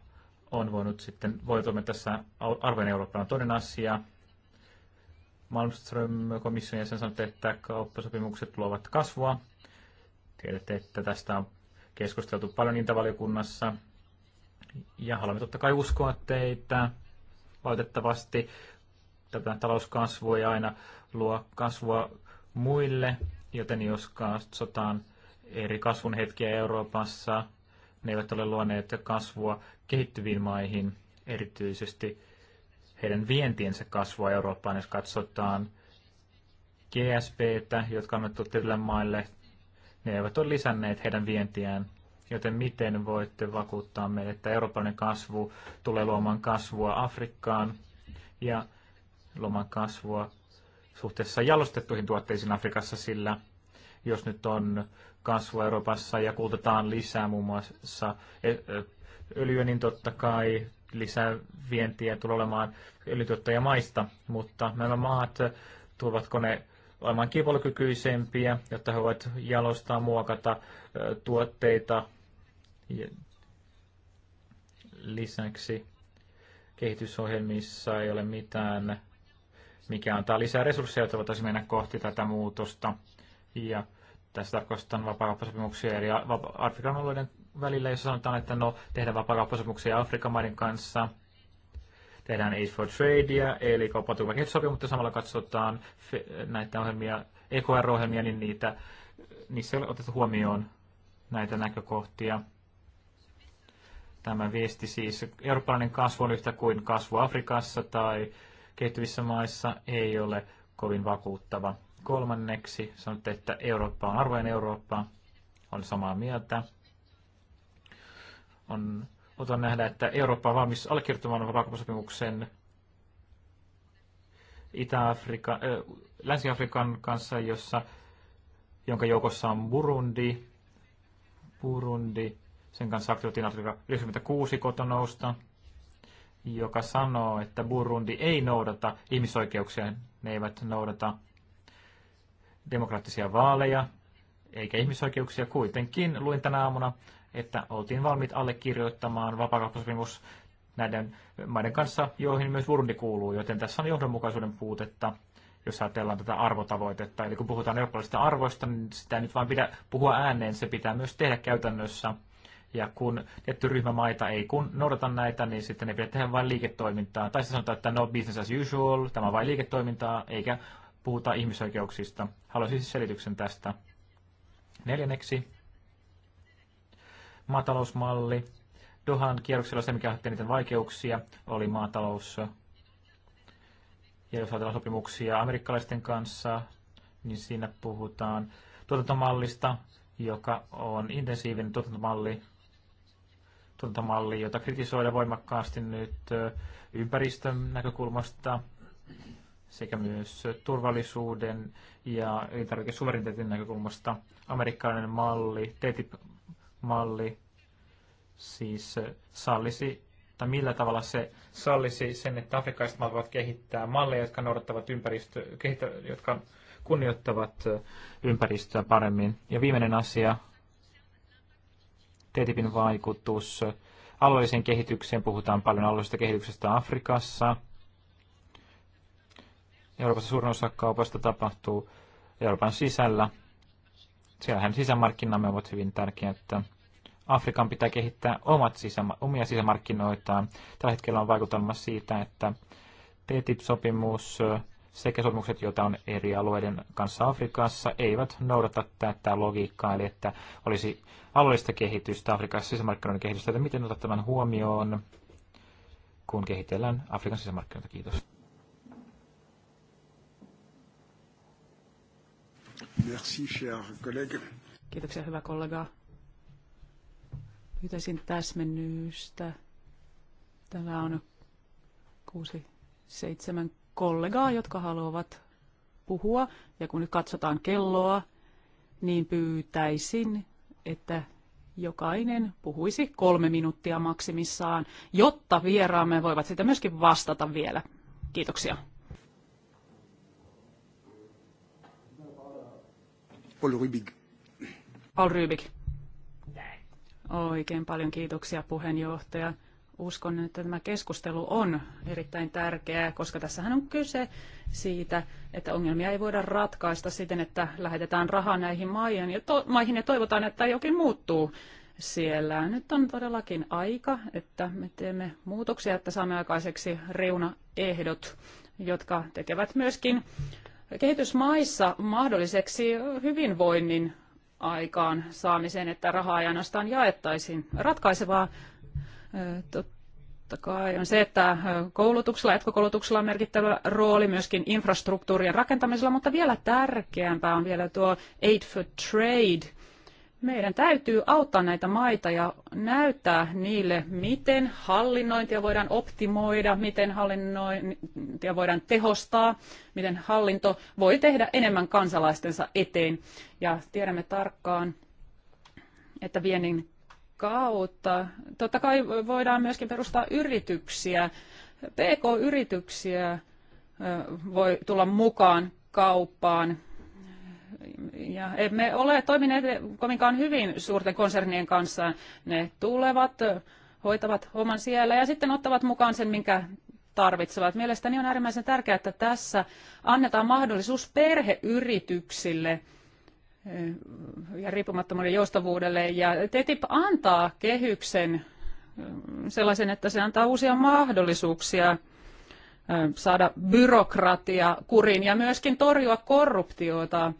on voinut sitten, voi toimia tässä arvojen on Toinen asia, Malmström komission jäsen sanoi, että kauppasopimukset luovat kasvua. Tiedätte, että tästä on keskusteltu paljon intavaliokunnassa. Ja haluamme totta kai uskoa teitä. Valitettavasti tätä talouskasvu ei aina luo kasvua muille, joten jos katsotaan eri kasvun hetkiä Euroopassa, ne eivät ole luoneet kasvua kehittyviin maihin, erityisesti heidän vientiensä kasvua Eurooppaan, jos katsotaan GSPtä, jotka on annettu tietyille maille, ne eivät ole lisänneet heidän vientiään. Joten miten voitte vakuuttaa meille, että eurooppalainen kasvu tulee luomaan kasvua Afrikkaan ja luomaan kasvua suhteessa jalostettuihin tuotteisiin Afrikassa, sillä jos nyt on kasvua Euroopassa ja kultetaan lisää muun muassa e, öljyä, niin totta kai lisää vientiä tulee olemaan öljytuottajamaista, mutta nämä maat, tulevatko ne olemaan kilpailukykyisempiä, jotta he voivat jalostaa, muokata tuotteita lisäksi kehitysohjelmissa ei ole mitään mikä antaa lisää resursseja, jotta voitaisiin mennä kohti tätä muutosta. Ja tässä tarkoitan vapaakauppasopimuksia eri Afrikan alueiden välillä, jos sanotaan, että no, tehdään vapaakauppasopimuksia Afrikan maiden kanssa, tehdään Aid for Tradea, eli mutta samalla katsotaan näitä ohjelmia, EKR-ohjelmia, niin niitä, niissä ei ole otettu huomioon näitä näkökohtia. Tämä viesti siis, eurooppalainen kasvu on yhtä kuin kasvu Afrikassa tai kehittyvissä maissa ei ole kovin vakuuttava. Kolmanneksi sanotte, että Eurooppa on arvojen Eurooppa. on samaa mieltä. On otan nähdä, että Eurooppa on valmis allekirjoittamaan vapaakauppasopimuksen Itä-Afrika, äh, Länsi-Afrikan kanssa, jossa, jonka joukossa on Burundi, Burundi, sen kanssa aktivoitiin Afrika 96 kotonousta joka sanoo, että Burundi ei noudata ihmisoikeuksia, ne eivät noudata demokraattisia vaaleja eikä ihmisoikeuksia. Kuitenkin luin tänä aamuna, että oltiin valmiit allekirjoittamaan vapaakauppasopimus näiden maiden kanssa, joihin myös Burundi kuuluu, joten tässä on johdonmukaisuuden puutetta, jos ajatellaan tätä arvotavoitetta. Eli kun puhutaan eurooppalaisista arvoista, niin sitä ei nyt vain pidä puhua ääneen, se pitää myös tehdä käytännössä – ja kun tietty ryhmä maita ei kun noudata näitä, niin sitten ne pitää tehdä vain liiketoimintaa. Tai sanotaan, että no business as usual, tämä on vain liiketoimintaa, eikä puhuta ihmisoikeuksista. Haluaisin siis selityksen tästä. Neljänneksi, maatalousmalli. Dohan kierroksella se, mikä aiheutti niiden vaikeuksia, oli maatalous. Ja jos ajatellaan sopimuksia amerikkalaisten kanssa, niin siinä puhutaan tuotantomallista, joka on intensiivinen tuotantomalli, tuotantomalli, jota kritisoida voimakkaasti nyt ympäristön näkökulmasta sekä myös turvallisuuden ja elintarvikesuvereniteetin näkökulmasta. Amerikkalainen malli, TTIP-malli, siis sallisi, tai millä tavalla se sallisi sen, että afrikkalaiset maat voivat kehittää malleja, jotka noudattavat ympäristö, kehittä, jotka kunnioittavat ympäristöä paremmin. Ja viimeinen asia, TTIPin vaikutus alueelliseen kehitykseen. Puhutaan paljon alueellisesta kehityksestä Afrikassa. Euroopassa suurin osa kaupasta tapahtuu Euroopan sisällä. Siellähän sisämarkkinamme ovat hyvin tärkeät. Afrikan pitää kehittää omat sisäma- omia sisämarkkinoitaan. Tällä hetkellä on vaikutelma siitä, että TTIP-sopimus sekä sopimukset, joita on eri alueiden kanssa Afrikassa, eivät noudata tätä logiikkaa, eli että olisi alueellista kehitystä Afrikassa sisämarkkinoiden kehitystä, että miten otat tämän huomioon, kun kehitellään Afrikan sisämarkkinoita. Kiitos. Merci, cher collègue. Kiitoksia, hyvä kollega. Pyytäisin täsmennystä. Täällä on kuusi, seitsemän kollegaa, jotka haluavat puhua. Ja kun nyt katsotaan kelloa, niin pyytäisin, että jokainen puhuisi kolme minuuttia maksimissaan, jotta vieraamme voivat sitä myöskin vastata vielä. Kiitoksia. Paul Rubik. Paul Rubik. Oikein paljon kiitoksia puheenjohtaja uskon, että tämä keskustelu on erittäin tärkeää, koska tässähän on kyse siitä, että ongelmia ei voida ratkaista siten, että lähetetään rahaa näihin maihin ja, to- maihin ja toivotaan, että jokin muuttuu siellä. Nyt on todellakin aika, että me teemme muutoksia, että saamme aikaiseksi reunaehdot, jotka tekevät myöskin kehitysmaissa mahdolliseksi hyvinvoinnin aikaan saamiseen, että rahaa ei ainoastaan jaettaisiin. Ratkaisevaa Totta kai on se, että koulutuksella, jatkokoulutuksella on merkittävä rooli myöskin infrastruktuurien rakentamisella, mutta vielä tärkeämpää on vielä tuo Aid for Trade. Meidän täytyy auttaa näitä maita ja näyttää niille, miten hallinnointia voidaan optimoida, miten hallinnointia voidaan tehostaa, miten hallinto voi tehdä enemmän kansalaistensa eteen. Ja tiedämme tarkkaan, että viennin kautta. Totta kai voidaan myöskin perustaa yrityksiä, PK-yrityksiä voi tulla mukaan kauppaan. Ja emme ole toimineet kovinkaan hyvin suurten konsernien kanssa. Ne tulevat, hoitavat oman siellä ja sitten ottavat mukaan sen, minkä tarvitsevat. Mielestäni on äärimmäisen tärkeää, että tässä annetaan mahdollisuus perheyrityksille – ja riippumattomuuden joustavuudelle. Ja TTIP antaa kehyksen sellaisen, että se antaa uusia mahdollisuuksia saada byrokratia kuriin ja myöskin torjua korruptiota,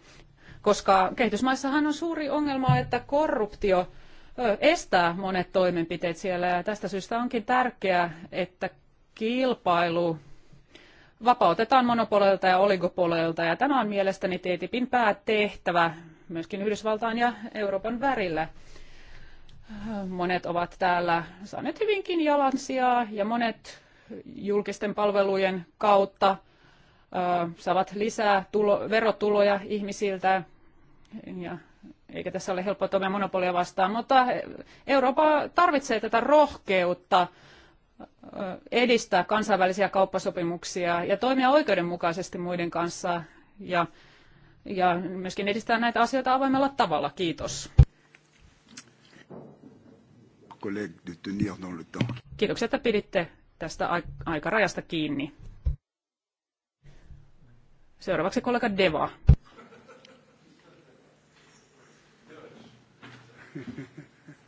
koska kehitysmaissahan on suuri ongelma, että korruptio estää monet toimenpiteet siellä ja tästä syystä onkin tärkeää, että kilpailu vapautetaan monopoleilta ja oligopoleilta ja tämä on mielestäni TTIPin päätehtävä myöskin Yhdysvaltain ja Euroopan värillä. Monet ovat täällä saaneet hyvinkin jalansia ja monet julkisten palvelujen kautta saavat lisää tulo, verotuloja ihmisiltä, ja, eikä tässä ole helppo toimia monopolia vastaan, mutta Eurooppa tarvitsee tätä rohkeutta edistää kansainvälisiä kauppasopimuksia ja toimia oikeudenmukaisesti muiden kanssa ja ja myöskin edistää näitä asioita avoimella tavalla. Kiitos. Kiitoksia, että piditte tästä aikarajasta kiinni. Seuraavaksi kollega Deva.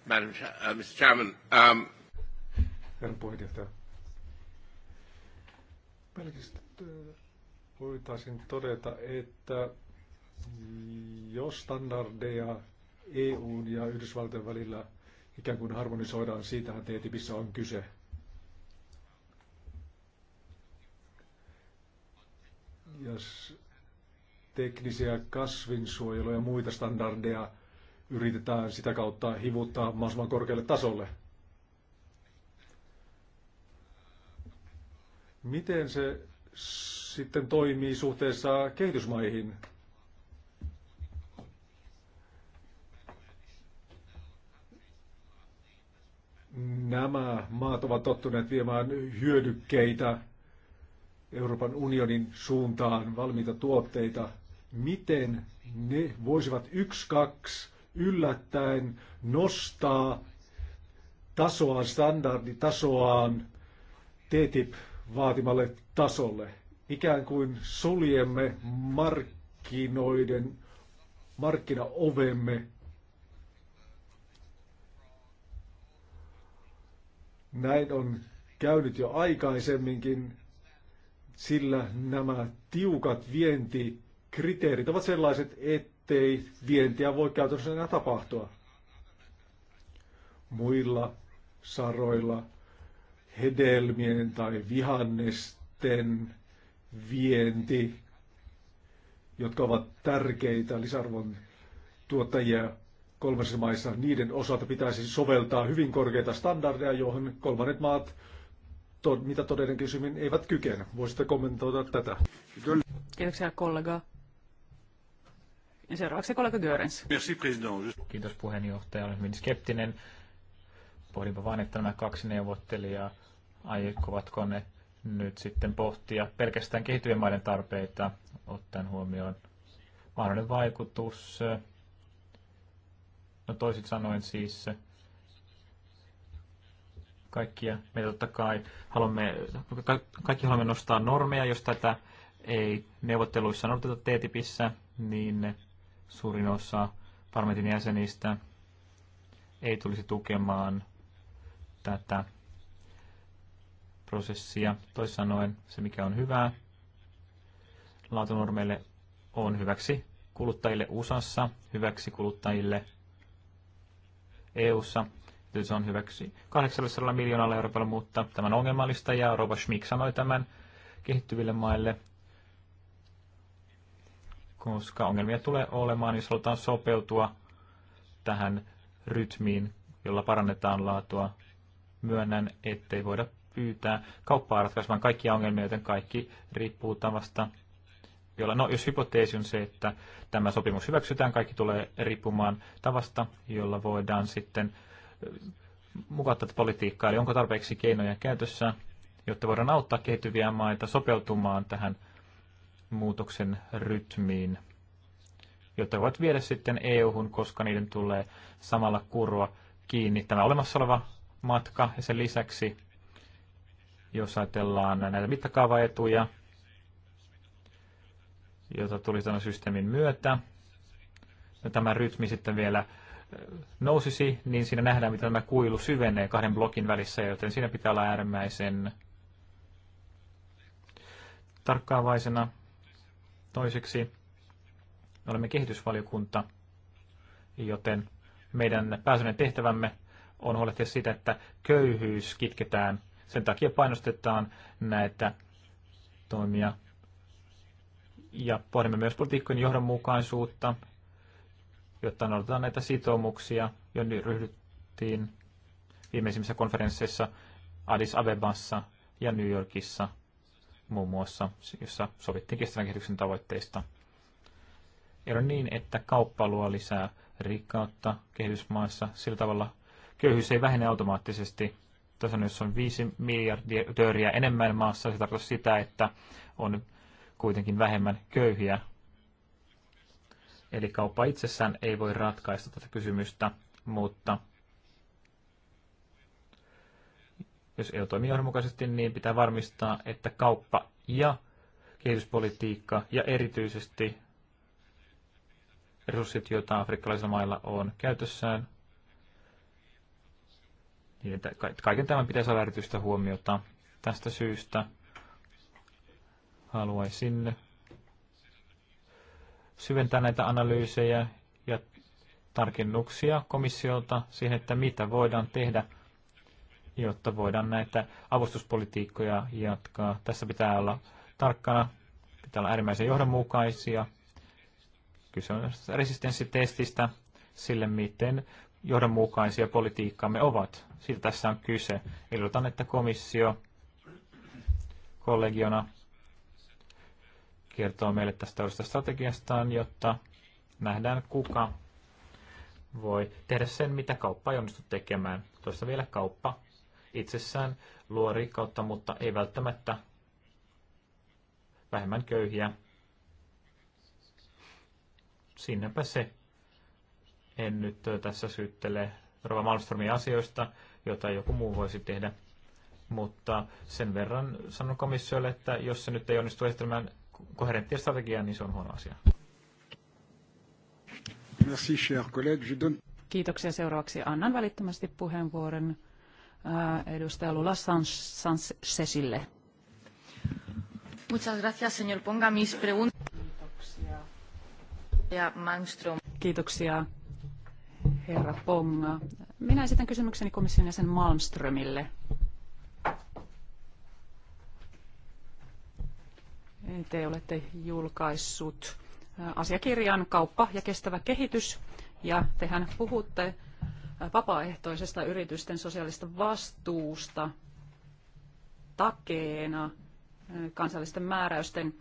Madam uh, Mr. Chairman, um... Herra puheenjohtaja. Pelkistä äh, voitaisiin todeta, että jos standardeja EUn ja Yhdysvaltojen välillä ikään kuin harmonisoidaan, siitähän TTIPissä on kyse. Jos teknisiä kasvinsuojelu- ja muita standardeja yritetään sitä kautta hivuttaa mahdollisimman korkealle tasolle. Miten se sitten toimii suhteessa kehitysmaihin? nämä maat ovat tottuneet viemään hyödykkeitä Euroopan unionin suuntaan, valmiita tuotteita. Miten ne voisivat yksi, kaksi yllättäen nostaa tasoaan, standarditasoaan TTIP vaatimalle tasolle. Ikään kuin suljemme markkinoiden, markkinaovemme Näin on käynyt jo aikaisemminkin, sillä nämä tiukat vientikriteerit ovat sellaiset, ettei vientiä voi käytännössä enää tapahtua. Muilla saroilla hedelmien tai vihannesten vienti, jotka ovat tärkeitä lisarvon tuottajia kolmansissa maissa, niiden osalta pitäisi soveltaa hyvin korkeita standardeja, johon kolmannet maat to, mitä todennäköisimmin eivät kykene. Voisitte kommentoida tätä. Kiitoksia kollega. Ja seuraavaksi kollega Görens. Kiitos puheenjohtaja. Olen hyvin skeptinen. Pohdinpa vain, että nämä kaksi neuvottelijaa, aikovatko ne nyt sitten pohtia pelkästään kehittyvien maiden tarpeita, ottaen huomioon mahdollinen vaikutus No toisin sanoen siis kaikkia, me totta kai haluamme, kaikki haluamme nostaa normeja, jos tätä ei neuvotteluissa noudateta TTIPissä, niin suurin osa parlamentin jäsenistä ei tulisi tukemaan tätä prosessia. Toisin sanoen se, mikä on hyvää laatunormeille, on hyväksi kuluttajille USAssa, hyväksi kuluttajille – EU-ssa. Se on hyväksi 800 miljoonalla Euroopalla, mutta tämän ongelmallista ja Rova Schmick sanoi tämän kehittyville maille, koska ongelmia tulee olemaan, jos halutaan sopeutua tähän rytmiin, jolla parannetaan laatua. Myönnän, ettei voida pyytää kauppaa ratkaisemaan kaikkia ongelmia, joten kaikki riippuu tavasta, jolla, no jos hypoteesi on se, että tämä sopimus hyväksytään, kaikki tulee riippumaan tavasta, jolla voidaan sitten tätä politiikkaa, eli onko tarpeeksi keinoja käytössä, jotta voidaan auttaa kehittyviä maita sopeutumaan tähän muutoksen rytmiin, jotta voivat viedä sitten EU-hun, koska niiden tulee samalla kurua kiinni tämä olemassa oleva matka ja sen lisäksi, jos ajatellaan näitä mittakaavaetuja, jota tuli tämän systeemin myötä. Ja tämä rytmi sitten vielä äh, nousisi, niin siinä nähdään, miten tämä kuilu syvenee kahden blokin välissä, joten siinä pitää olla äärimmäisen tarkkaavaisena. Toiseksi olemme kehitysvaliokunta, joten meidän pääsyneen tehtävämme on huolehtia siitä, että köyhyys kitketään. Sen takia painostetaan näitä toimia ja pohdimme myös politiikkojen johdonmukaisuutta, jotta noudatetaan näitä sitoumuksia, joihin ryhdyttiin viimeisimmissä konferensseissa Addis Abebassa ja New Yorkissa muun muassa, jossa sovittiin kestävän kehityksen tavoitteista. Ei ole niin, että kauppa luo lisää rikkautta kehitysmaissa. Sillä tavalla köyhyys ei vähene automaattisesti. Tässä on, jos on 5 miljardia enemmän maassa, se tarkoittaa sitä, että on kuitenkin vähemmän köyhiä. Eli kauppa itsessään ei voi ratkaista tätä kysymystä, mutta jos EU toimii johdonmukaisesti, niin pitää varmistaa, että kauppa ja kehityspolitiikka ja erityisesti resurssit, joita afrikkalaisilla mailla on käytössään, niin kaiken tämän pitää olla erityistä huomiota. Tästä syystä Haluaisin syventää näitä analyysejä ja tarkennuksia komissiolta siihen, että mitä voidaan tehdä, jotta voidaan näitä avustuspolitiikkoja jatkaa. Tässä pitää olla tarkkana, pitää olla äärimmäisen johdonmukaisia. Kyse on resistenssitestistä sille, miten johdonmukaisia politiikkaamme ovat. Siitä tässä on kyse. Ehdotan, että komissio kollegiona kertoo meille tästä uudesta strategiastaan, jotta nähdään kuka voi tehdä sen, mitä kauppa ei onnistu tekemään. Toista vielä kauppa itsessään luo rikkautta, mutta ei välttämättä vähemmän köyhiä. Siinäpä se. En nyt tässä syyttele Rova Malmströmin asioista, jota joku muu voisi tehdä. Mutta sen verran sanon komissiolle, että jos se nyt ei onnistu esittämään koherenttia strategiaa, niin se on huono asia. Merci, cher collègue. Je donne... Kiitoksia. Seuraavaksi annan välittömästi puheenvuoron äh, edustaja Lula sanchez Muchas gracias, señor Ponga. Mis preguntas... Kiitoksia. Ja Malmström. Kiitoksia, herra Ponga. Minä esitän kysymykseni komission jäsen Malmströmille. Te olette julkaissut asiakirjan Kauppa ja kestävä kehitys, ja tehän puhutte vapaaehtoisesta yritysten sosiaalista vastuusta takeena kansallisten määräysten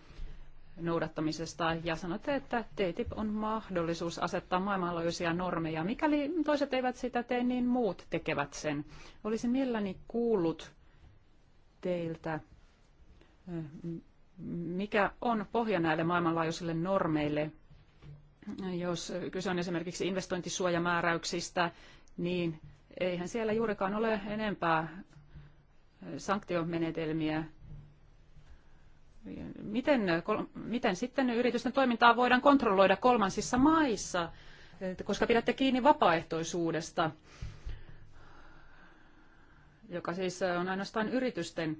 noudattamisesta ja sanotte, että TTIP on mahdollisuus asettaa maailmanlaajuisia normeja. Mikäli toiset eivät sitä tee, niin muut tekevät sen. Olisin mielelläni kuullut teiltä, mikä on pohja näille maailmanlaajuisille normeille. Jos kyse on esimerkiksi investointisuojamääräyksistä, niin eihän siellä juurikaan ole enempää sanktiomenetelmiä. Miten, miten sitten yritysten toimintaa voidaan kontrolloida kolmansissa maissa, koska pidätte kiinni vapaaehtoisuudesta, joka siis on ainoastaan yritysten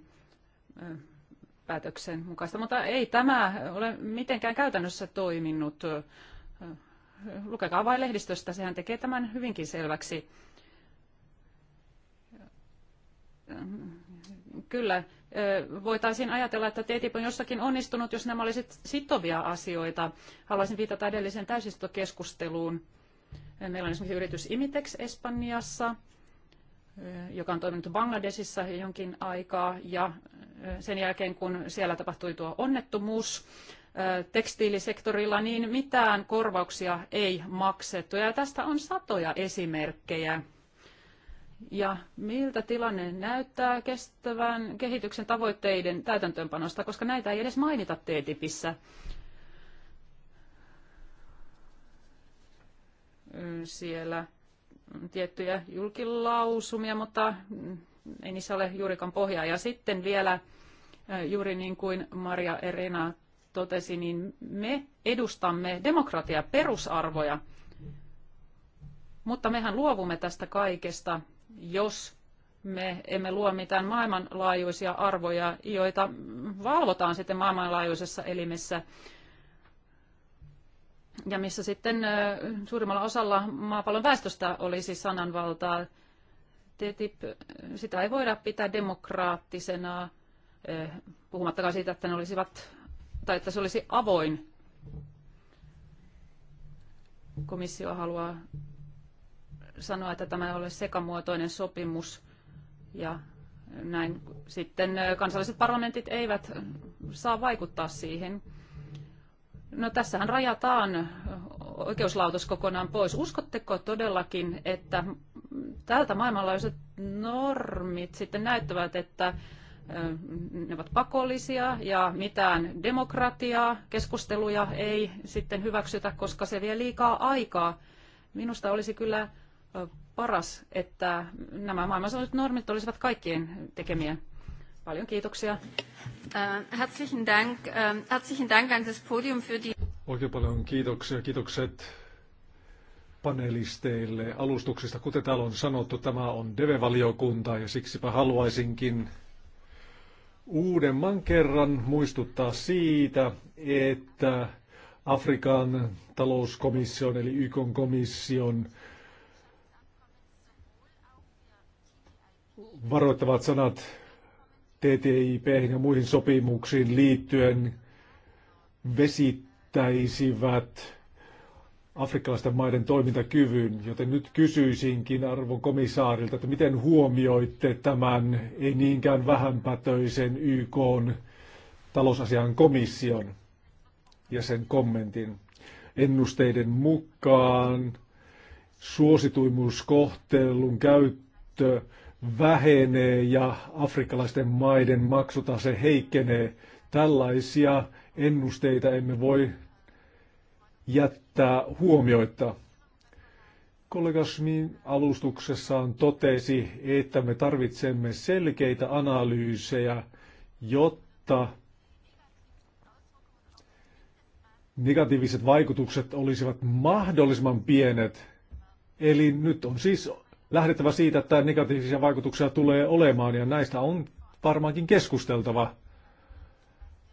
päätöksen mukaista, mutta ei tämä ole mitenkään käytännössä toiminut. Lukekaa vain lehdistöstä, sehän tekee tämän hyvinkin selväksi. Kyllä, voitaisiin ajatella, että TTIP on jossakin onnistunut, jos nämä olisivat sitovia asioita. Haluaisin viitata edelliseen täysistokeskusteluun. Meillä on esimerkiksi yritys Imitex Espanjassa, joka on toiminut Bangladesissa jonkin aikaa, ja sen jälkeen, kun siellä tapahtui tuo onnettomuus tekstiilisektorilla, niin mitään korvauksia ei maksettu. Ja tästä on satoja esimerkkejä. Ja miltä tilanne näyttää kestävän kehityksen tavoitteiden täytäntöönpanosta, koska näitä ei edes mainita TTIPissä. Siellä tiettyjä julkilausumia, mutta ei niissä ole juurikaan pohjaa. Ja sitten vielä juuri niin kuin Maria Erena totesi, niin me edustamme demokratia perusarvoja, mutta mehän luovumme tästä kaikesta, jos me emme luo mitään maailmanlaajuisia arvoja, joita valvotaan sitten maailmanlaajuisessa elimessä ja missä sitten suurimmalla osalla maapallon väestöstä olisi sananvaltaa. TTIP, sitä ei voida pitää demokraattisena, eh, puhumattakaan siitä, että ne olisivat, tai että se olisi avoin. Komissio haluaa sanoa, että tämä ei ole sekamuotoinen sopimus, ja näin sitten eh, kansalliset parlamentit eivät saa vaikuttaa siihen. No tässähän rajataan oikeuslautos kokonaan pois. Uskotteko todellakin, että täältä maailmanlaajuiset normit sitten näyttävät, että ne ovat pakollisia ja mitään demokratiaa, keskusteluja ei sitten hyväksytä, koska se vie liikaa aikaa. Minusta olisi kyllä paras, että nämä maailmanlaajuiset normit olisivat kaikkien tekemiä. Paljon kiitoksia. Herzlichen Dank, herzlichen Dank an das Podium für die... Oikein paljon kiitoksia. Kiitokset panelisteille alustuksista. Kuten täällä on sanottu, tämä on DEVE-valiokunta ja siksipä haluaisinkin uudemman kerran muistuttaa siitä, että Afrikan talouskomission eli YKn komission varoittavat sanat TTIP ja muihin sopimuksiin liittyen vesittäisivät afrikkalaisten maiden toimintakyvyn, joten nyt kysyisinkin arvon komissaarilta, että miten huomioitte tämän ei niinkään vähänpätöisen YK talousasian komission ja sen kommentin ennusteiden mukaan suosituimuuskohtelun käyttö vähenee ja afrikkalaisten maiden maksutase heikkenee. Tällaisia ennusteita emme voi jättää huomioita. Kollega Schmin alustuksessaan totesi, että me tarvitsemme selkeitä analyysejä, jotta negatiiviset vaikutukset olisivat mahdollisimman pienet. Eli nyt on siis lähdettävä siitä, että negatiivisia vaikutuksia tulee olemaan ja näistä on varmaankin keskusteltava.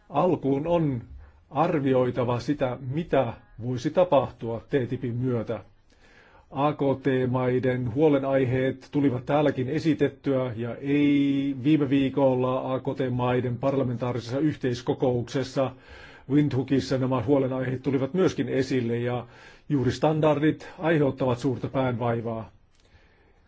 Alkuun on arvioitava sitä, mitä voisi tapahtua TTIPin myötä. AKT-maiden huolenaiheet tulivat täälläkin esitettyä ja ei viime viikolla AKT-maiden parlamentaarisessa yhteiskokouksessa Windhookissa nämä huolenaiheet tulivat myöskin esille ja juuri standardit aiheuttavat suurta päänvaivaa.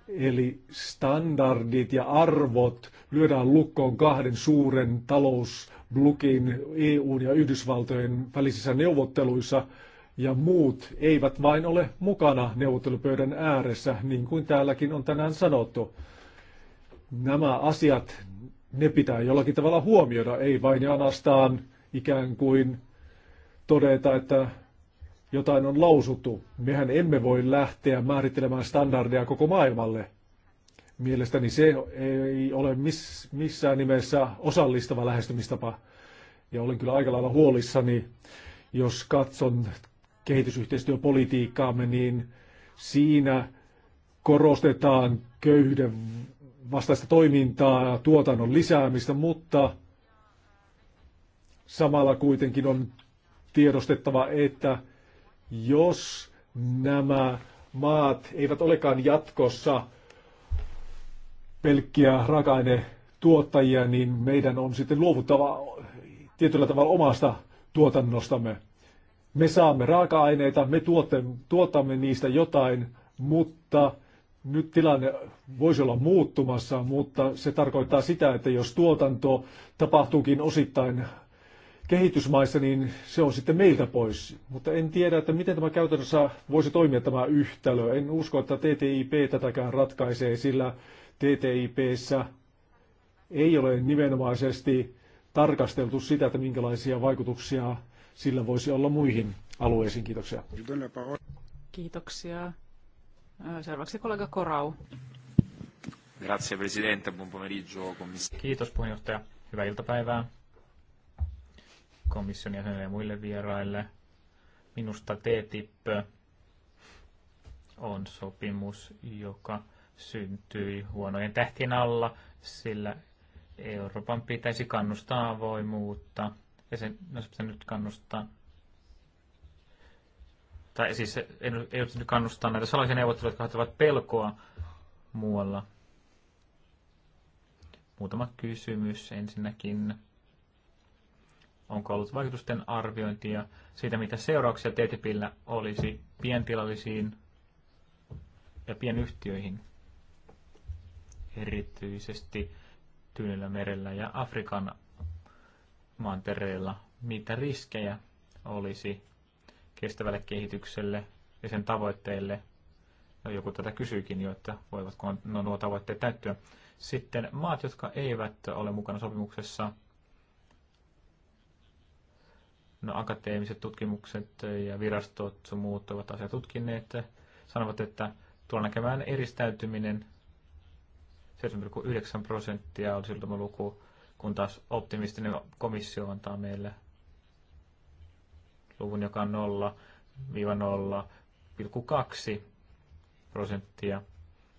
Eli standardit ja arvot lyödään lukkoon kahden suuren talousblukin EUn ja Yhdysvaltojen välisissä neuvotteluissa – ja muut eivät vain ole mukana neuvottelupöydän ääressä, niin kuin täälläkin on tänään sanottu. Nämä asiat, ne pitää jollakin tavalla huomioida, ei vain ja anastaan ikään kuin todeta, että jotain on lausuttu. Mehän emme voi lähteä määrittelemään standardeja koko maailmalle. Mielestäni se ei ole missään nimessä osallistava lähestymistapa. Ja olen kyllä aika lailla huolissani, jos katson kehitysyhteistyöpolitiikkaamme, niin siinä korostetaan köyhyyden vastaista toimintaa, ja tuotannon lisäämistä, mutta samalla kuitenkin on tiedostettava, että jos nämä maat eivät olekaan jatkossa pelkkiä raaka tuottajia, niin meidän on sitten luovuttava tietyllä tavalla omasta tuotannostamme. Me saamme raaka-aineita, me tuotamme, tuotamme niistä jotain, mutta nyt tilanne voisi olla muuttumassa, mutta se tarkoittaa sitä, että jos tuotanto tapahtuukin osittain kehitysmaissa, niin se on sitten meiltä pois. Mutta en tiedä, että miten tämä käytännössä voisi toimia tämä yhtälö. En usko, että TTIP tätäkään ratkaisee, sillä TTIPssä ei ole nimenomaisesti tarkasteltu sitä, että minkälaisia vaikutuksia sillä voisi olla muihin alueisiin. Kiitoksia. Kiitoksia. Äh, seuraavaksi kollega Korau. Grazie Presidente, buon pomeriggio. Kiitos puheenjohtaja. Hyvää iltapäivää komission jäsenille ja muille vieraille. Minusta TTIP on sopimus, joka syntyi huonojen tähtien alla, sillä Euroopan pitäisi kannustaa avoimuutta ja se olisi no, pitänyt kannustaa. Tai siis ei ole pitänyt kannustaa näitä salaisia neuvotteluja, jotka aiheuttavat pelkoa muualla. Muutama kysymys ensinnäkin. Onko ollut vaikutusten arviointia siitä, mitä seurauksia TTIPillä olisi pientilallisiin ja pienyhtiöihin? Erityisesti Tyynellä merellä ja Afrikan mantereella, mitä riskejä olisi kestävälle kehitykselle ja sen tavoitteille. Joku tätä kysyykin jo, että voivatko no, nuo tavoitteet täyttyä. Sitten maat, jotka eivät ole mukana sopimuksessa, no, akateemiset tutkimukset ja virastot ja muut ovat asiaa tutkineet, sanovat, että tuolla näkemään eristäytyminen 7,9 prosenttia olisi siltä luku kun taas optimistinen komissio antaa meille luvun, joka on 0-0,2 prosenttia.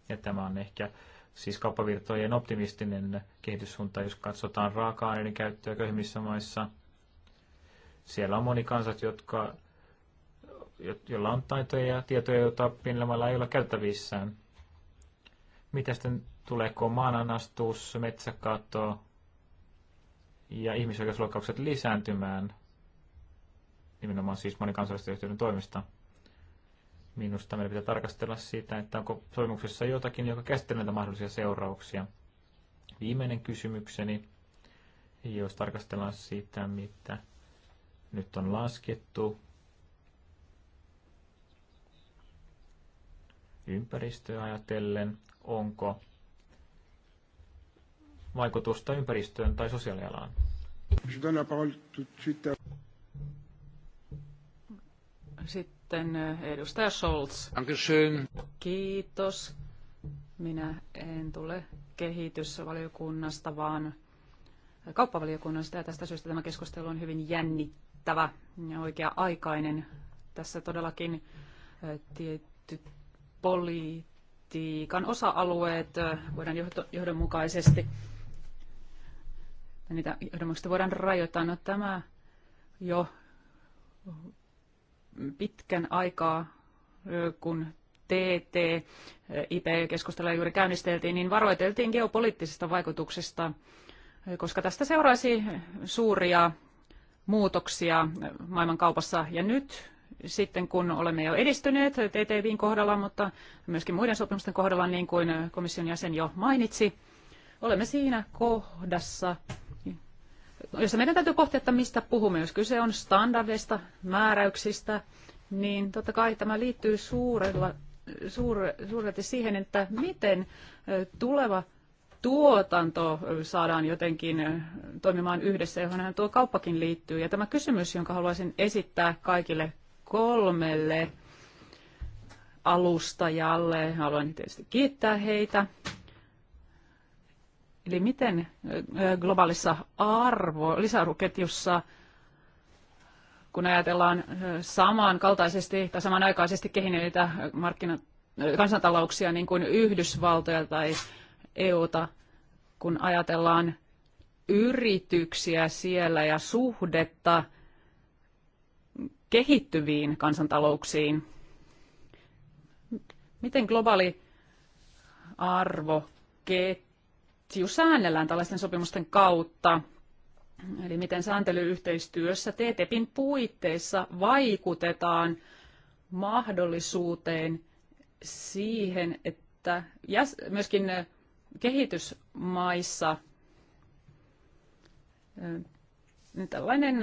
Ja tämä on ehkä siis kauppavirtojen optimistinen kehityssuunta, jos katsotaan raaka-aineiden käyttöä köyhimmissä maissa. Siellä on monikansat, jotka, joilla on taitoja ja tietoja, joita pienellä mailla ei ole käyttävissään. Mitä sitten tulee, kun maananastus, metsäkato, ja ihmisoikeusloukkaukset lisääntymään, nimenomaan siis monikansallisten yhtiöiden toimista. Minusta meidän pitää tarkastella sitä, että onko sopimuksessa jotakin, joka käsittelee näitä mahdollisia seurauksia. Viimeinen kysymykseni, jos tarkastellaan sitä, mitä nyt on laskettu ympäristöä ajatellen, onko vaikutusta ympäristöön tai sosiaalialaan. Sitten eh, edustaja Scholz. Kiitos. Minä en tule kehitysvaliokunnasta, vaan kauppavaliokunnasta ja tästä syystä tämä keskustelu on hyvin jännittävä ja oikea-aikainen. Tässä todellakin eh, tietty poliitikan osa-alueet eh, voidaan johdonmukaisesti niitä johdonmukaisesti voidaan rajoittaa. No, tämä jo pitkän aikaa, kun TT, IP-keskustelua juuri käynnisteltiin, niin varoiteltiin geopoliittisista vaikutuksista, koska tästä seuraisi suuria muutoksia maailmankaupassa. Ja nyt sitten kun olemme jo edistyneet TTVin kohdalla, mutta myöskin muiden sopimusten kohdalla, niin kuin komission jäsen jo mainitsi, olemme siinä kohdassa, jossa meidän täytyy pohtia, että mistä puhumme. Jos kyse on standardeista, määräyksistä, niin totta kai tämä liittyy suurella, suur, suurelti siihen, että miten tuleva tuotanto saadaan jotenkin toimimaan yhdessä, johon tuo kauppakin liittyy. Ja tämä kysymys, jonka haluaisin esittää kaikille kolmelle alustajalle, haluan tietysti kiittää heitä Eli miten globaalissa arvo, lisäarvoketjussa, kun ajatellaan samankaltaisesti tai samanaikaisesti kehineitä markkina, kansantalouksia niin kuin Yhdysvaltoja tai EUta, kun ajatellaan yrityksiä siellä ja suhdetta kehittyviin kansantalouksiin. Miten globaali arvoketju jo säännellään tällaisten sopimusten kautta. Eli miten sääntelyyhteistyössä TTIPin puitteissa vaikutetaan mahdollisuuteen siihen, että myöskin kehitysmaissa tällainen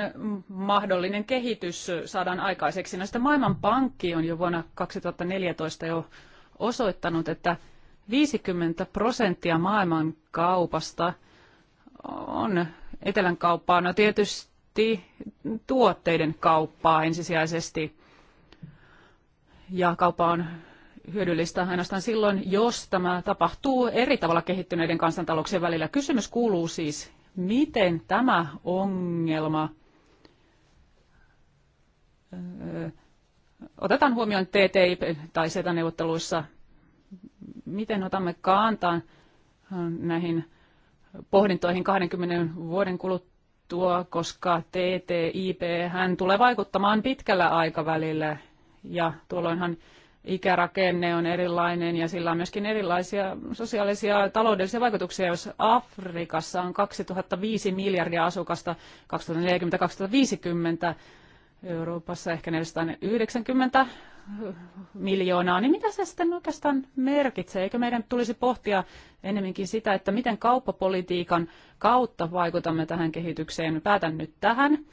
mahdollinen kehitys saadaan aikaiseksi. Näistä no, maailmanpankki on jo vuonna 2014 jo osoittanut, että 50 prosenttia maailman kaupasta on etelän kauppaa. No tietysti tuotteiden kauppaa ensisijaisesti. Ja kauppa on hyödyllistä ainoastaan silloin, jos tämä tapahtuu eri tavalla kehittyneiden kansantalouksien välillä. Kysymys kuuluu siis, miten tämä ongelma otetaan huomioon TTIP- tai SETA-neuvotteluissa – miten otamme kantaa äh, näihin pohdintoihin 20 vuoden kuluttua, koska TTIP hän tulee vaikuttamaan pitkällä aikavälillä ja tuolloinhan ikärakenne on erilainen ja sillä on myöskin erilaisia sosiaalisia ja taloudellisia vaikutuksia. Jos Afrikassa on 2005 miljardia asukasta 2040-2050, Euroopassa ehkä 490 miljoonaa, niin mitä se sitten oikeastaan merkitsee? Eikö meidän tulisi pohtia enemmänkin sitä, että miten kauppapolitiikan kautta vaikutamme tähän kehitykseen? Päätän nyt tähän.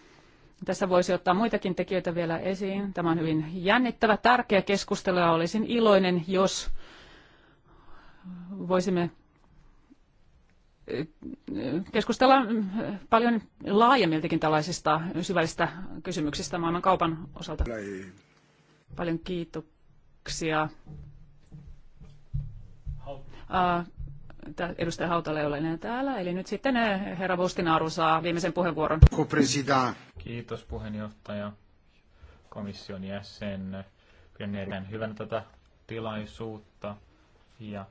Tässä voisi ottaa muitakin tekijöitä vielä esiin. Tämä on hyvin jännittävä, tärkeä keskustelu ja olisin iloinen, jos voisimme eh, keskustella paljon laajemmiltakin tällaisista syvällisistä kysymyksistä maailman kaupan osalta. Paljon kiitoksia. Uh, edustaja Hautala ei ole enää täällä, eli nyt sitten äh, herra Bustinaru saa viimeisen puheenvuoron. Kiitos puheenjohtaja, komission jäsen. Pidän erittäin hyvänä tätä tilaisuutta ja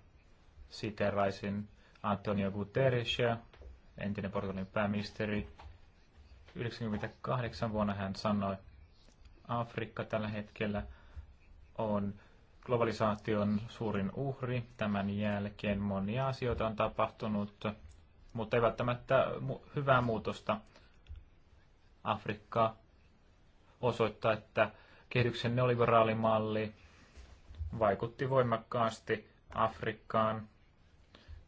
siteraisin Antonio Guterresia, entinen Portugalin pääministeri. 98 vuonna hän sanoi, Afrikka tällä hetkellä on globalisaation suurin uhri. Tämän jälkeen monia asioita on tapahtunut, mutta ei välttämättä hyvää muutosta. Afrikka osoittaa, että kehityksen neoliberaalimalli vaikutti voimakkaasti Afrikkaan.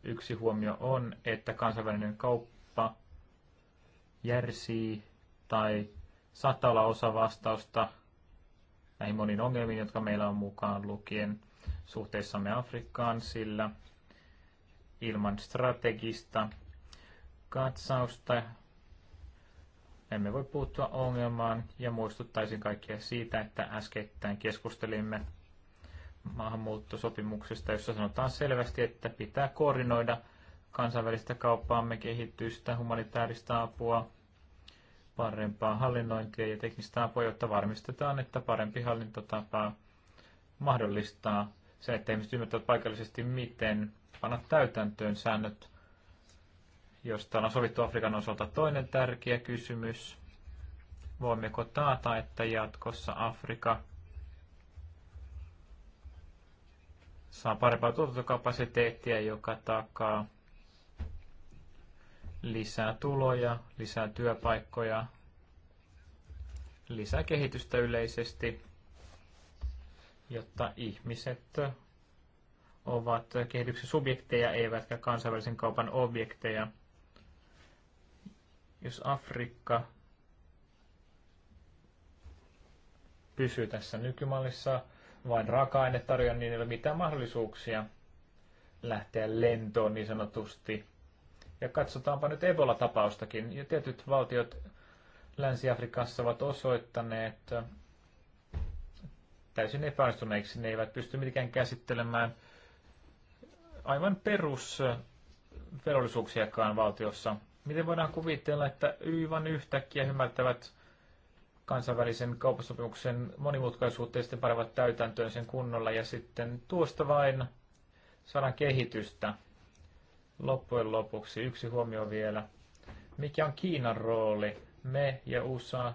Yksi huomio on, että kansainvälinen kauppa järsii tai saattaa olla osa vastausta näihin moniin ongelmiin, jotka meillä on mukaan lukien suhteessamme Afrikkaan, sillä ilman strategista katsausta emme voi puuttua ongelmaan ja muistuttaisin kaikkia siitä, että äskettäin keskustelimme maahanmuuttosopimuksesta, jossa sanotaan selvästi, että pitää koordinoida kansainvälistä kauppaamme, kehitystä, humanitaarista apua, parempaa hallinnointia ja teknistä tapoja, jotta varmistetaan, että parempi hallintotapa mahdollistaa sen, että ihmiset ymmärtävät paikallisesti, miten panna täytäntöön säännöt, josta on sovittu Afrikan osalta toinen tärkeä kysymys. Voimmeko taata, että jatkossa Afrika saa parempaa tuotantokapasiteettia, joka takaa lisää tuloja, lisää työpaikkoja, lisää kehitystä yleisesti, jotta ihmiset ovat kehityksen subjekteja eivätkä kansainvälisen kaupan objekteja. Jos Afrikka pysyy tässä nykymallissa, vain raaka-ainetarjonnan, niin ei ole mitään mahdollisuuksia lähteä lentoon niin sanotusti – ja katsotaanpa nyt Ebola-tapaustakin. Ja tietyt valtiot Länsi-Afrikassa ovat osoittaneet äh, täysin epäonnistuneiksi. Ne eivät pysty mitenkään käsittelemään aivan perusvelvollisuuksiakaan valtiossa. Miten voidaan kuvitella, että YVAN yhtäkkiä ymmärtävät kansainvälisen kauppasopimuksen monimutkaisuutta ja sitten täytäntöön sen kunnolla ja sitten tuosta vain saadaan kehitystä loppujen lopuksi yksi huomio vielä. Mikä on Kiinan rooli? Me ja USA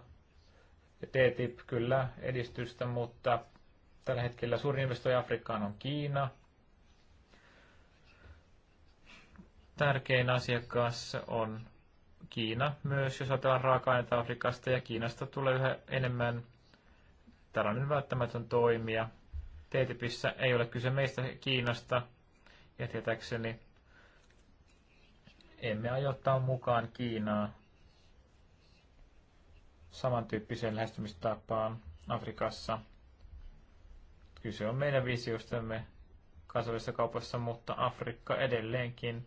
TTIP kyllä edistystä, mutta tällä hetkellä suurin investoija Afrikkaan on Kiina. Tärkein asiakas on Kiina myös, jos ajatellaan raaka-aineita Afrikasta, ja Kiinasta tulee yhä enemmän tällainen välttämätön toimija. TTIPissä ei ole kyse meistä Kiinasta, ja tietääkseni emme aio ottaa mukaan Kiinaa samantyyppiseen lähestymistapaan Afrikassa. Kyse on meidän visiostamme kansallisessa kaupassa, mutta Afrikka edelleenkin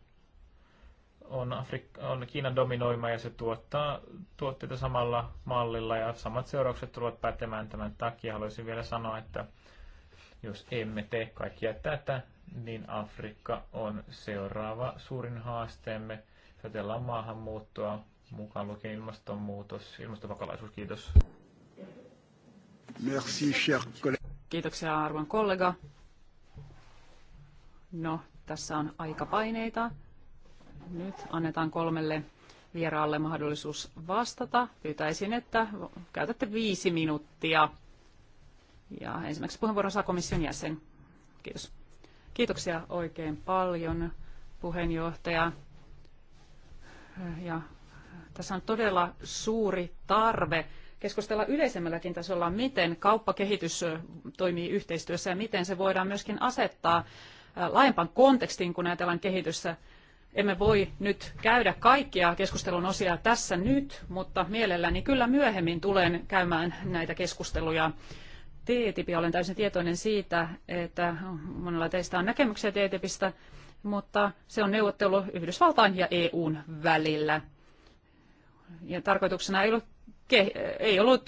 on, Afrik- on Kiinan dominoima ja se tuottaa tuotteita samalla mallilla ja samat seuraukset tulevat pätemään tämän takia. Haluaisin vielä sanoa, että jos emme tee kaikkia tätä, niin Afrikka on seuraava suurin haasteemme. Ajatellaan maahanmuuttoa, mukaan lukien ilmastonmuutos, ilmastopakolaisuus. Kiitos. Merci, cher Kiitoksia arvon kollega. No, tässä on aika paineita. Nyt annetaan kolmelle vieraalle mahdollisuus vastata. Pyytäisin, että käytätte viisi minuuttia. Ja ensimmäiseksi puheenvuoron saa komission jäsen. Kiitos. Kiitoksia oikein paljon puheenjohtaja. Ja tässä on todella suuri tarve keskustella yleisemmälläkin tasolla, miten kauppakehitys toimii yhteistyössä ja miten se voidaan myöskin asettaa laajempaan kontekstiin, kun ajatellaan kehitystä. Emme voi nyt käydä kaikkia keskustelun osia tässä nyt, mutta mielelläni kyllä myöhemmin tulen käymään näitä keskusteluja TTIP. Olen täysin tietoinen siitä, että monella teistä on näkemyksiä TTIPistä, mutta se on neuvottelu Yhdysvaltain ja EUn välillä. Ja tarkoituksena ei ollut, ei ollut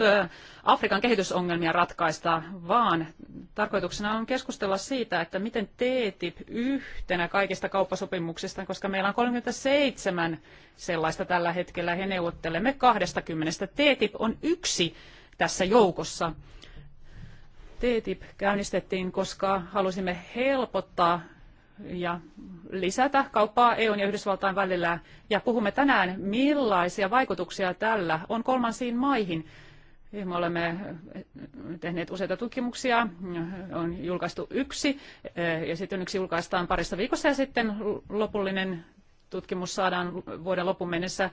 Afrikan kehitysongelmia ratkaista, vaan tarkoituksena on keskustella siitä, että miten TTIP yhtenä kaikista kauppasopimuksista, koska meillä on 37 sellaista tällä hetkellä, he neuvottelemme 20. TTIP on yksi tässä joukossa. TTIP käynnistettiin, koska halusimme helpottaa ja lisätä kauppaa EUn ja Yhdysvaltain välillä. Ja puhumme tänään, millaisia vaikutuksia tällä on kolmansiin maihin. Me olemme tehneet useita tutkimuksia, on julkaistu yksi ja sitten yksi julkaistaan parissa viikossa ja sitten lopullinen tutkimus saadaan vuoden lopun mennessä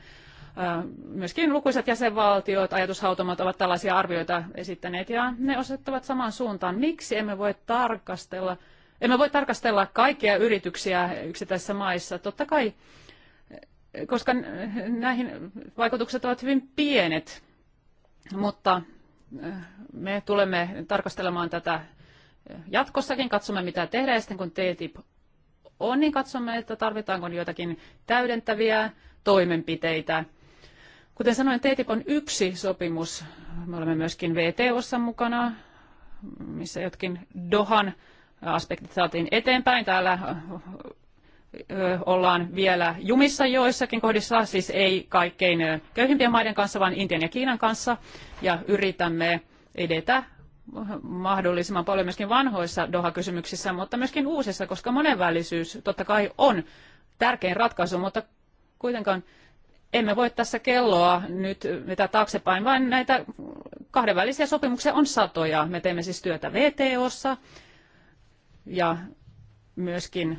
Myöskin lukuisat jäsenvaltiot, ajatushautomat ovat tällaisia arvioita esittäneet ja ne osoittavat samaan suuntaan. Miksi emme voi tarkastella, emme voi tarkastella kaikkia yrityksiä yksittäisissä maissa? Totta kai, koska näihin vaikutukset ovat hyvin pienet, mutta me tulemme tarkastelemaan tätä jatkossakin, katsomme mitä tehdä ja sitten kun TTIP on, niin katsomme, että tarvitaanko joitakin täydentäviä toimenpiteitä – Kuten sanoin, TTIP on yksi sopimus. Me olemme myöskin VTOssa mukana, missä jotkin Dohan aspektit saatiin eteenpäin. Täällä ollaan vielä jumissa joissakin kohdissa, siis ei kaikkein köyhimpien maiden kanssa, vaan Intian ja Kiinan kanssa, ja yritämme edetä mahdollisimman paljon myöskin vanhoissa Doha-kysymyksissä, mutta myöskin uusissa, koska monenvälisyys totta kai on tärkein ratkaisu, mutta kuitenkaan emme voi tässä kelloa nyt vetää taaksepäin, vaan näitä kahdenvälisiä sopimuksia on satoja. Me teemme siis työtä VTOssa ja myöskin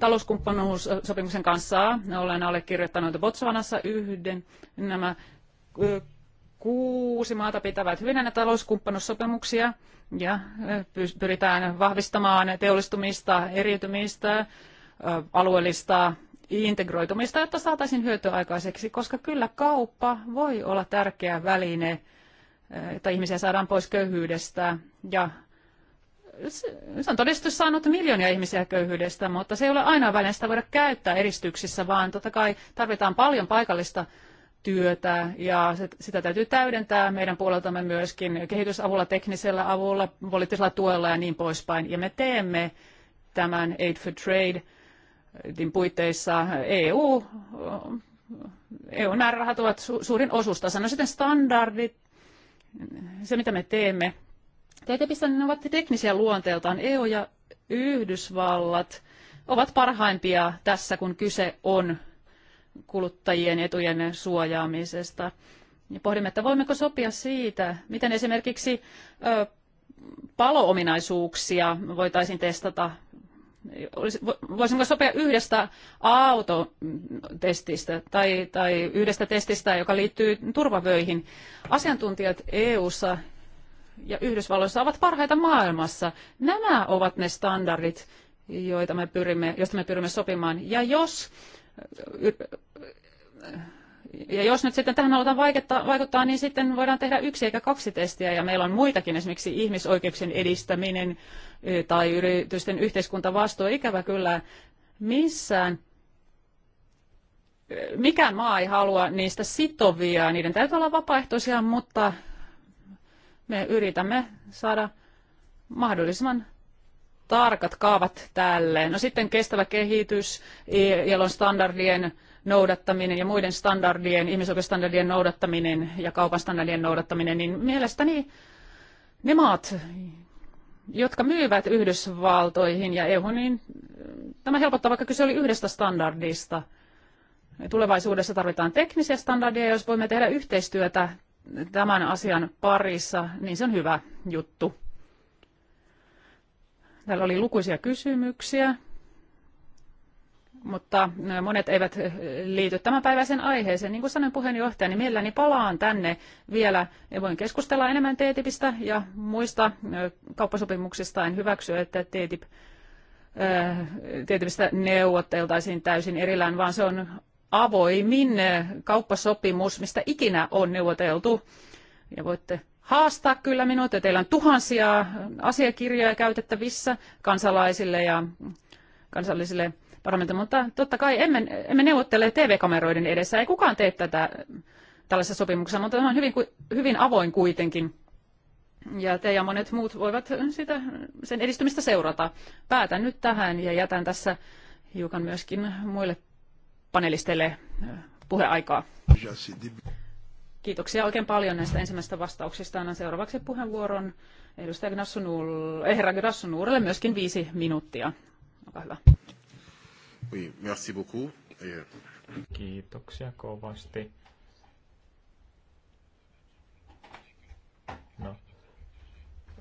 talouskumppanuussopimuksen kanssa. Olen allekirjoittanut Botswanassa yhden. Nämä kuusi maata pitävät hyvin näitä talouskumppanuussopimuksia ja pyritään vahvistamaan teollistumista, eriytymistä, alueellista integroitumista, jotta saataisiin hyötyä aikaiseksi, koska kyllä kauppa voi olla tärkeä väline, eh, että ihmisiä saadaan pois köyhyydestä. Ja se on todistus saanut miljoonia ihmisiä köyhyydestä, mutta se ei ole ainoa väline, sitä voida käyttää eristyksissä, vaan totta kai tarvitaan paljon paikallista työtä ja sitä täytyy täydentää meidän puoleltamme myöskin kehitysavulla, teknisellä avulla, poliittisella tuella ja niin poispäin. Ja me teemme tämän Aid for Trade – puitteissa EU, EUn määrärahat ovat su- suurin osuustaso. No sitten standardit, se mitä me teemme. TTIPissä ne ovat teknisiä luonteeltaan. EU ja Yhdysvallat ovat parhaimpia tässä, kun kyse on kuluttajien etujen suojaamisesta. Ja pohdimme, että voimmeko sopia siitä, miten esimerkiksi ö, paloominaisuuksia voitaisiin testata voisinko sopia yhdestä autotestistä tai, tai yhdestä testistä, joka liittyy turvavöihin. Asiantuntijat EU:ssa ja Yhdysvalloissa ovat parhaita maailmassa. Nämä ovat ne standardit, joita me pyrimme, joista me pyrimme sopimaan. Ja jos, ja jos nyt sitten tähän halutaan vaikuttaa, vaikuttaa, niin sitten voidaan tehdä yksi eikä kaksi testiä, ja meillä on muitakin, esimerkiksi ihmisoikeuksien edistäminen, tai yritysten yhteiskuntavastuu. Ikävä kyllä missään mikään maa ei halua niistä sitovia. Niiden täytyy olla vapaaehtoisia, mutta me yritämme saada mahdollisimman tarkat kaavat tälle. No sitten kestävä kehitys, jolloin e, standardien noudattaminen ja muiden standardien, ihmisoikeusstandardien noudattaminen ja kaupan standardien noudattaminen, niin mielestäni ne maat, jotka myyvät Yhdysvaltoihin ja EU, niin mm, tämä helpottaa, vaikka kyse oli yhdestä standardista. Tulevaisuudessa tarvitaan teknisiä standardeja, jos voimme tehdä yhteistyötä tämän asian parissa, niin se on hyvä juttu. Täällä oli lukuisia kysymyksiä mutta monet eivät liity tämänpäiväiseen aiheeseen. Niin kuin sanoin puheenjohtaja, niin mielelläni palaan tänne vielä ja voin keskustella enemmän TTIPistä ja muista kauppasopimuksista. En hyväksy, että TTIP, TTIPistä neuvotteltaisiin täysin erillään, vaan se on avoimin kauppasopimus, mistä ikinä on neuvoteltu. Ja voitte haastaa kyllä minut, ja teillä on tuhansia asiakirjoja käytettävissä kansalaisille ja kansallisille parlamentin, mutta totta kai emme, emme neuvottele TV-kameroiden edessä. Ei kukaan tee tätä tällaisessa sopimuksessa, mutta tämä on hyvin, hyvin avoin kuitenkin. Ja te ja monet muut voivat sitä, sen edistymistä seurata. Päätän nyt tähän ja jätän tässä hiukan myöskin muille panelisteille äh, puheaikaa. Kiitoksia oikein paljon näistä ensimmäisistä vastauksista. Annan seuraavaksi puheenvuoron edustaja Grassunul, eh, herra Grassunuurelle myöskin viisi minuuttia. Olkaa hyvä. Oui, merci beaucoup. Euh, Kiitoksia kovasti. No,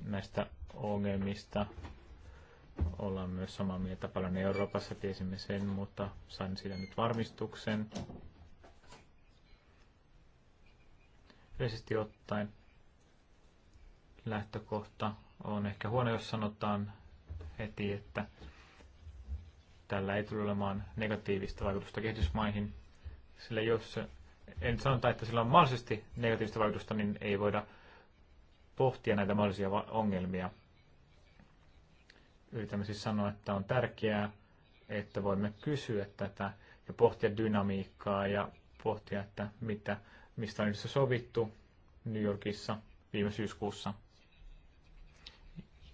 näistä ongelmista ollaan myös samaa mieltä paljon Euroopassa, tiesimme sen, mutta sain siitä nyt varmistuksen. Yleisesti ottaen lähtökohta on ehkä huono, jos sanotaan heti, että tällä ei tule olemaan negatiivista vaikutusta kehitysmaihin, sillä jos en sanota, että sillä on mahdollisesti negatiivista vaikutusta, niin ei voida pohtia näitä mahdollisia ongelmia. Yritämme siis sanoa, että on tärkeää, että voimme kysyä tätä ja pohtia dynamiikkaa ja pohtia, että mitä, mistä on yhdessä sovittu New Yorkissa viime syyskuussa.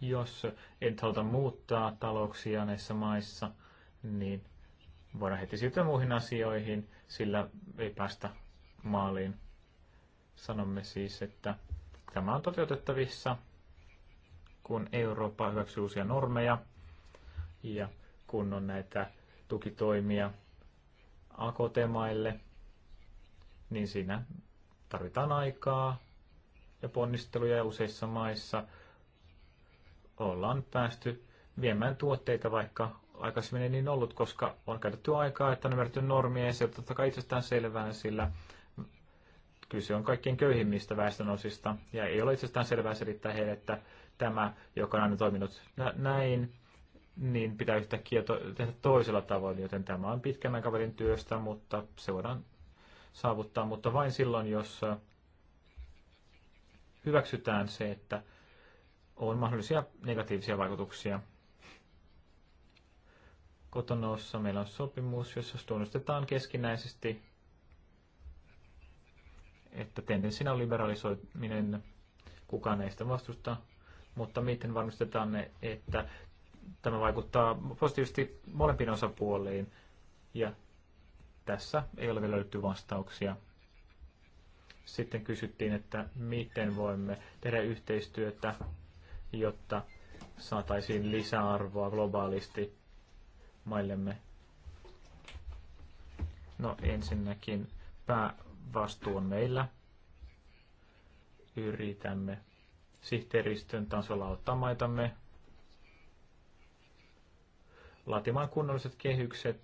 Jos et haluta muuttaa talouksia näissä maissa – niin voidaan heti siirtyä muihin asioihin, sillä ei päästä maaliin. Sanomme siis, että tämä on toteutettavissa, kun Eurooppa hyväksyy uusia normeja ja kun on näitä tukitoimia akotemaille, niin siinä tarvitaan aikaa ja ponnisteluja ja useissa maissa ollaan päästy viemään tuotteita, vaikka aikaisemmin ei niin ollut, koska on käytetty aikaa, että on ymmärretty normia ja se on totta kai itsestään selvää, sillä kyse on kaikkien köyhimmistä väestönosista ja ei ole itsestään selvää selittää heille, että tämä, joka on aina toiminut näin, niin pitää yhtäkkiä to- tehdä toisella tavoin, joten tämä on pitkän aikavälin työstä, mutta se voidaan saavuttaa, mutta vain silloin, jos äh, hyväksytään se, että on mahdollisia negatiivisia vaikutuksia Kotonoussa meillä on sopimus, jossa tunnustetaan keskinäisesti, että tendenssinä on liberalisoiminen, kukaan ei sitä vastusta, mutta miten varmistetaan ne, että tämä vaikuttaa positiivisesti molempiin osapuoliin. Ja tässä ei ole vielä löytynyt vastauksia. Sitten kysyttiin, että miten voimme tehdä yhteistyötä, jotta saataisiin lisäarvoa globaalisti maillemme? No ensinnäkin päävastuu on meillä. Yritämme sihteeristön tasolla auttaa maitamme laatimaan kunnolliset kehykset,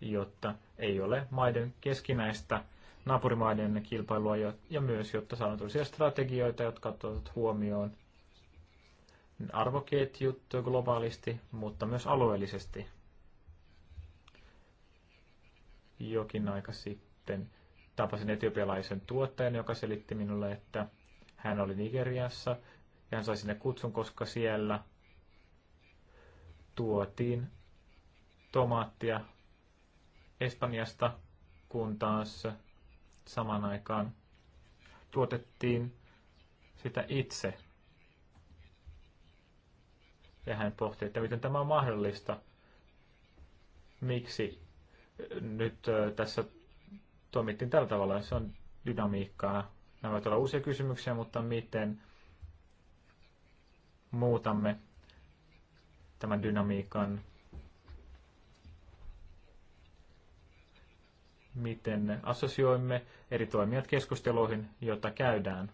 jotta ei ole maiden keskinäistä naapurimaiden kilpailua ja myös, jotta saadaan strategioita, jotka ottavat huomioon arvoketjut globaalisti, mutta myös alueellisesti. Jokin aika sitten tapasin etiopialaisen tuottajan, joka selitti minulle, että hän oli Nigeriassa ja hän sai sinne kutsun, koska siellä tuotiin tomaattia Espanjasta, kun taas samaan aikaan tuotettiin sitä itse ja hän pohti, että miten tämä on mahdollista. Miksi nyt tässä toimittiin tällä tavalla, se on dynamiikkaa. Nämä voivat olla uusia kysymyksiä, mutta miten muutamme tämän dynamiikan? Miten assosioimme eri toimijat keskusteluihin, joita käydään?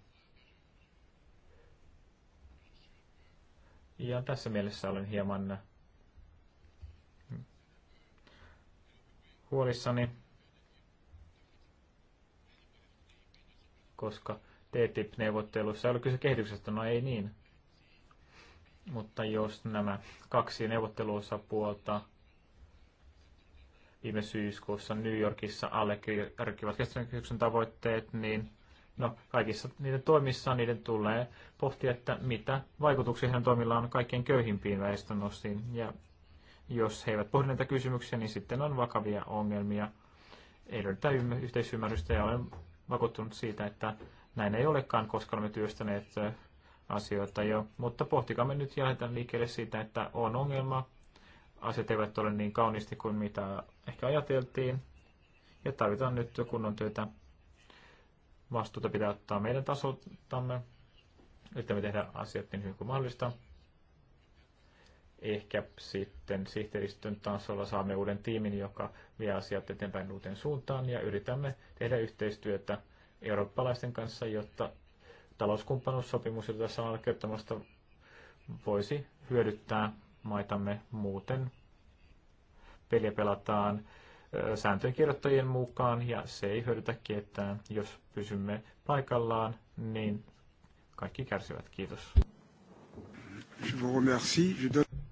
Ja tässä mielessä olen hieman mm, huolissani, koska TTIP-neuvotteluissa ei ole kyse kehityksestä, no ei niin. Mutta jos nämä kaksi neuvotteluosapuolta viime syyskuussa New Yorkissa allekirjoittivat kestävän tavoitteet, niin No, kaikissa niiden toimissa niiden tulee pohtia, että mitä vaikutuksia heidän toimillaan on kaikkein köyhimpiin väestön osiin. Ja jos he eivät pohdi näitä kysymyksiä, niin sitten on vakavia ongelmia. Ei löydetä yhteisymmärrystä ja olen vakuuttunut siitä, että näin ei olekaan, koska olemme työstäneet asioita jo. Mutta pohtikamme nyt ja lähdetään liikkeelle siitä, että on ongelma. Asiat eivät ole niin kauniisti kuin mitä ehkä ajateltiin. Ja tarvitaan nyt kunnon työtä Vastuuta pitää ottaa meidän tasoltamme, että me tehdään asiat niin hyvin kuin mahdollista. Ehkä sitten sihteeristön tasolla saamme uuden tiimin, joka vie asiat eteenpäin uuteen suuntaan ja yritämme tehdä yhteistyötä eurooppalaisten kanssa, jotta talouskumppanuussopimus, jota tässä on allekirjoittamasta, voisi hyödyttää maitamme muuten. Peliä pelataan sääntöjen kirjoittajien mukaan, ja se ei hyödytä ketään. Jos pysymme paikallaan, niin kaikki kärsivät. Kiitos.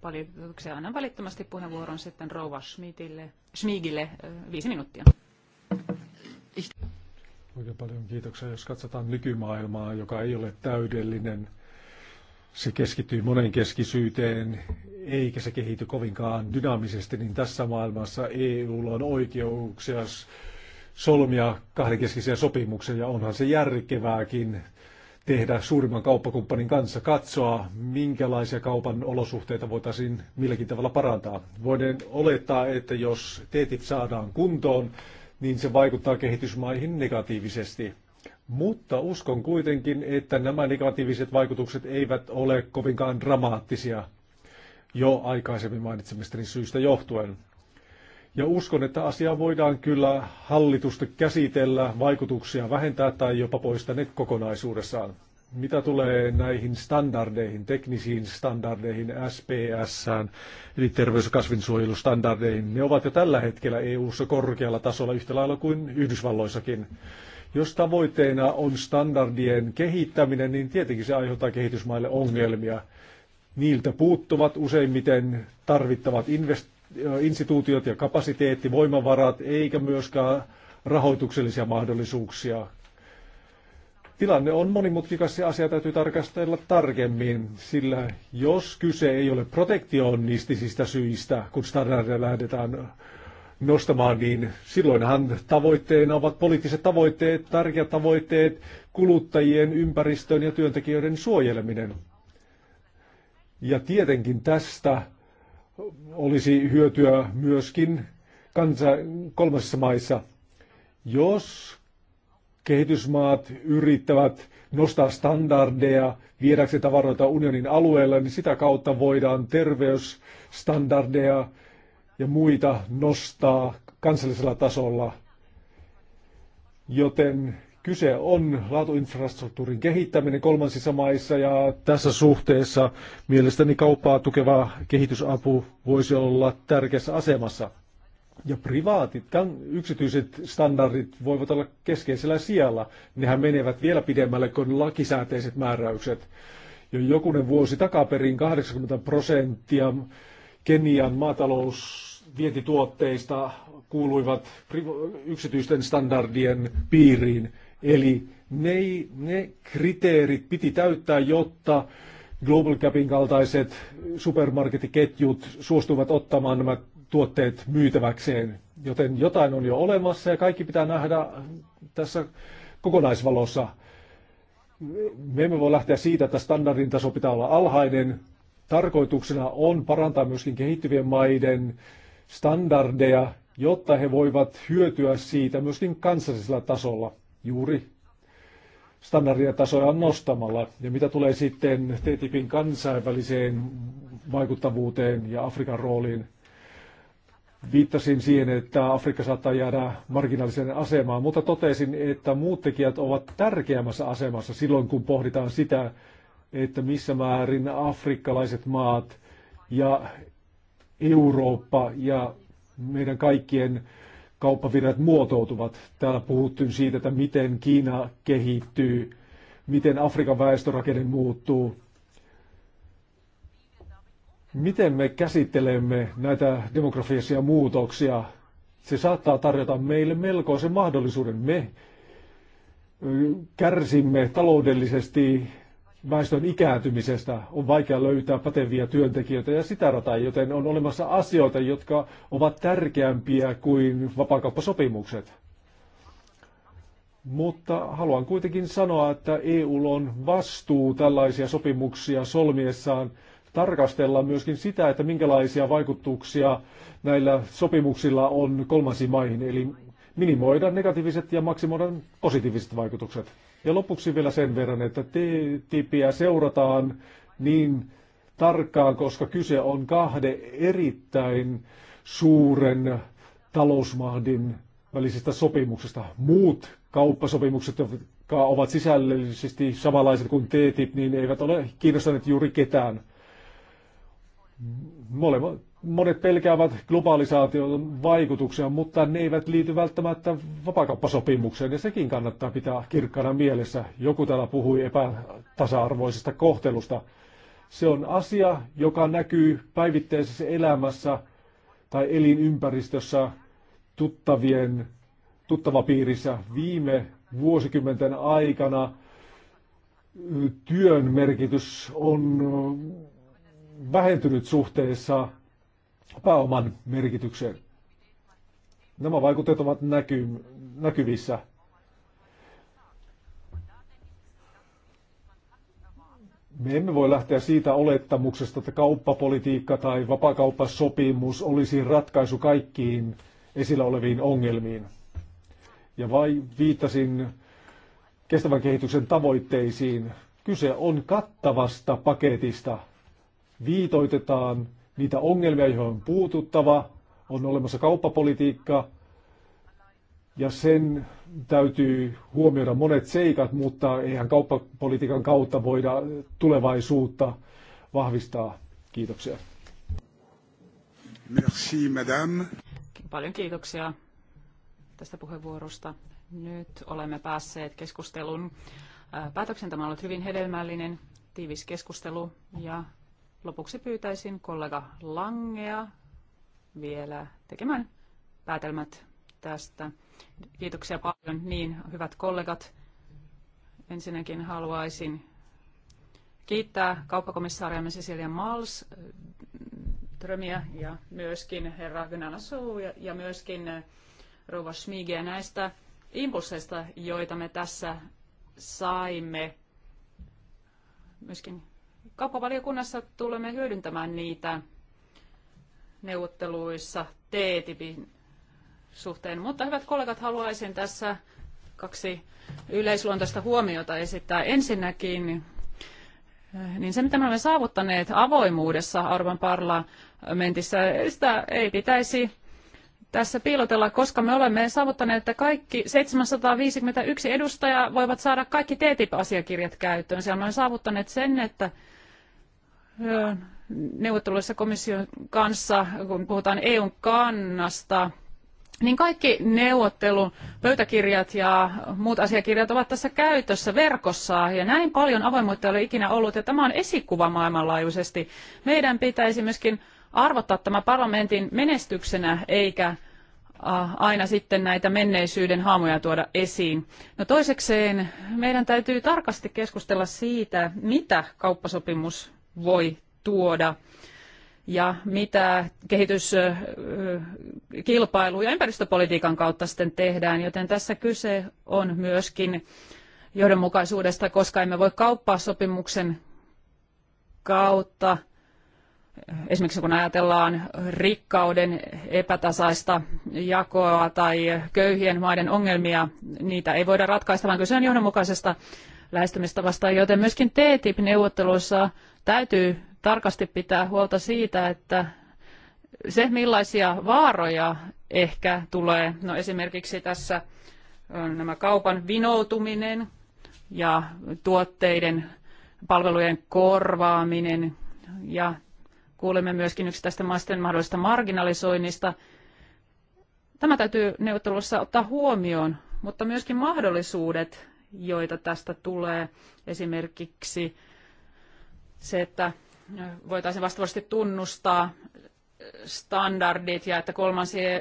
Paljon kiitoksia. Annan välittömästi puheenvuoron sitten Rouva Schmidille, Schmigille viisi minuuttia. Oikein paljon kiitoksia. Jos katsotaan nykymaailmaa, joka ei ole täydellinen, se keskittyy monenkeskisyyteen, eikä se kehity kovinkaan dynaamisesti, niin tässä maailmassa EUlla on oikeuksia solmia kahdenkeskisiä sopimuksia, ja onhan se järkevääkin tehdä suurimman kauppakumppanin kanssa, katsoa, minkälaisia kaupan olosuhteita voitaisiin milläkin tavalla parantaa. Voidaan olettaa, että jos TTIP saadaan kuntoon, niin se vaikuttaa kehitysmaihin negatiivisesti. Mutta uskon kuitenkin, että nämä negatiiviset vaikutukset eivät ole kovinkaan dramaattisia jo aikaisemmin mainitsemistani syystä johtuen. Ja uskon, että asiaa voidaan kyllä hallitusta käsitellä, vaikutuksia vähentää tai jopa poistaa ne kokonaisuudessaan. Mitä tulee näihin standardeihin, teknisiin standardeihin, SPS, eli terveys- ja kasvinsuojelustandardeihin, ne ovat jo tällä hetkellä EU-ssa korkealla tasolla yhtä lailla kuin Yhdysvalloissakin. Jos tavoitteena on standardien kehittäminen, niin tietenkin se aiheuttaa kehitysmaille ongelmia. Niiltä puuttuvat useimmiten tarvittavat invest- instituutiot ja kapasiteetti, voimavarat, eikä myöskään rahoituksellisia mahdollisuuksia. Tilanne on monimutkikas ja asia täytyy tarkastella tarkemmin, sillä jos kyse ei ole protektionistisista syistä, kun standardia lähdetään nostamaan, niin silloinhan tavoitteena ovat poliittiset tavoitteet, tärkeät tavoitteet, kuluttajien, ympäristön ja työntekijöiden suojeleminen. Ja tietenkin tästä olisi hyötyä myöskin kansa kolmessa maissa, jos kehitysmaat yrittävät nostaa standardeja viedäkseen tavaroita unionin alueella, niin sitä kautta voidaan terveysstandardeja ja muita nostaa kansallisella tasolla, joten kyse on laatuinfrastruktuurin kehittäminen kolmansissa maissa ja tässä suhteessa mielestäni kauppaa tukeva kehitysapu voisi olla tärkeässä asemassa. Ja privaatit, yksityiset standardit voivat olla keskeisellä sijalla. Nehän menevät vielä pidemmälle kuin lakisääteiset määräykset. Jo jokunen vuosi takaperin 80 prosenttia Kenian maatalousvientituotteista kuuluivat yksityisten standardien piiriin. Eli ne, ne kriteerit piti täyttää, jotta Global Capin kaltaiset supermarketiketjut suostuivat ottamaan nämä tuotteet myytäväkseen. Joten jotain on jo olemassa ja kaikki pitää nähdä tässä kokonaisvalossa. Me emme voi lähteä siitä, että standardin taso pitää olla alhainen, tarkoituksena on parantaa myöskin kehittyvien maiden standardeja, jotta he voivat hyötyä siitä myöskin kansallisella tasolla juuri standardien tasoja nostamalla. Ja mitä tulee sitten TTIPin kansainväliseen vaikuttavuuteen ja Afrikan rooliin, viittasin siihen, että Afrikka saattaa jäädä marginaaliseen asemaan, mutta totesin, että muut tekijät ovat tärkeämmässä asemassa silloin, kun pohditaan sitä, että missä määrin afrikkalaiset maat ja Eurooppa ja meidän kaikkien kauppavirrat muotoutuvat. Täällä puhuttiin siitä, että miten Kiina kehittyy, miten Afrikan väestörakenne muuttuu. Miten me käsittelemme näitä demografisia muutoksia? Se saattaa tarjota meille melkoisen mahdollisuuden. Me kärsimme taloudellisesti väestön ikääntymisestä. On vaikea löytää päteviä työntekijöitä ja sitä rataa, joten on olemassa asioita, jotka ovat tärkeämpiä kuin vapaakauppasopimukset. Mutta haluan kuitenkin sanoa, että EU on vastuu tällaisia sopimuksia solmiessaan tarkastella myöskin sitä, että minkälaisia vaikutuksia näillä sopimuksilla on kolmansiin maihin, eli minimoida negatiiviset ja maksimoida positiiviset vaikutukset. Ja lopuksi vielä sen verran, että TTIPiä seurataan niin tarkkaan, koska kyse on kahden erittäin suuren talousmahdin välisistä sopimuksista. Muut kauppasopimukset, jotka ovat sisällöllisesti samanlaiset kuin TTIP, niin eivät ole kiinnostaneet juuri ketään. Molemmat monet pelkäävät globalisaation vaikutuksia, mutta ne eivät liity välttämättä vapakauppasopimukseen, ja sekin kannattaa pitää kirkkana mielessä. Joku täällä puhui epätasa-arvoisesta kohtelusta. Se on asia, joka näkyy päivittäisessä elämässä tai elinympäristössä, tuttavien, tuttavapiirissä viime vuosikymmenten aikana työn merkitys on vähentynyt suhteessa pääoman merkitykseen. Nämä vaikutteet ovat näky, näkyvissä. Me emme voi lähteä siitä olettamuksesta, että kauppapolitiikka tai vapakauppasopimus olisi ratkaisu kaikkiin esillä oleviin ongelmiin. Ja vai viittasin kestävän kehityksen tavoitteisiin. Kyse on kattavasta paketista. Viitoitetaan niitä ongelmia, joihin on puututtava, on olemassa kauppapolitiikka, ja sen täytyy huomioida monet seikat, mutta eihän kauppapolitiikan kautta voida tulevaisuutta vahvistaa. Kiitoksia. Merci, madame. Paljon kiitoksia tästä puheenvuorosta. Nyt olemme päässeet keskustelun päätöksen. Tämä on ollut hyvin hedelmällinen, tiivis keskustelu ja Lopuksi pyytäisin kollega Langea vielä tekemään päätelmät tästä. Kiitoksia paljon. Niin, hyvät kollegat, ensinnäkin haluaisin kiittää kauppakomissaariamme Cecilia Mals, Trömiä ja myöskin herra Gnanasu ja, ja myöskin eh, rouva Schmigia näistä impulseista, joita me tässä saimme myöskin Kauppavaliokunnassa tulemme hyödyntämään niitä neuvotteluissa TTIPin suhteen. Mutta hyvät kollegat, haluaisin tässä kaksi yleisluontoista huomiota esittää. Ensinnäkin eh, niin se, mitä me olemme saavuttaneet avoimuudessa Arvan parlamentissa, sitä ei pitäisi tässä piilotella, koska me olemme saavuttaneet, että kaikki 751 edustajaa voivat saada kaikki TTIP-asiakirjat käyttöön. Siellä olemme saavuttaneet sen, että neuvotteluissa komission kanssa, kun puhutaan EUn kannasta, niin kaikki neuvottelun pöytäkirjat ja muut asiakirjat ovat tässä käytössä verkossa ja näin paljon avoimuutta ei ole ikinä ollut ja tämä on esikuva maailmanlaajuisesti. Meidän pitäisi myöskin arvottaa tämä parlamentin menestyksenä eikä aina sitten näitä menneisyyden haamuja tuoda esiin. No toisekseen meidän täytyy tarkasti keskustella siitä, mitä kauppasopimus voi tuoda ja mitä kehitys, kilpailu- ja ympäristöpolitiikan kautta sitten tehdään, joten tässä kyse on myöskin johdonmukaisuudesta, koska emme voi kauppasopimuksen kautta esimerkiksi kun ajatellaan rikkauden epätasaista jakoa tai köyhien maiden ongelmia, niitä ei voida ratkaista, vaan kyse on johdonmukaisesta lähestymistavasta, joten myöskin TTIP-neuvotteluissa täytyy tarkasti pitää huolta siitä, että se millaisia vaaroja ehkä tulee, no esimerkiksi tässä on nämä kaupan vinoutuminen ja tuotteiden palvelujen korvaaminen ja Kuulemme myöskin yksittäisten maisten mahdollisesta marginalisoinnista. Tämä täytyy neuvottelussa ottaa huomioon, mutta myöskin mahdollisuudet, joita tästä tulee. Esimerkiksi se, että voitaisiin vastaavasti tunnustaa standardit ja että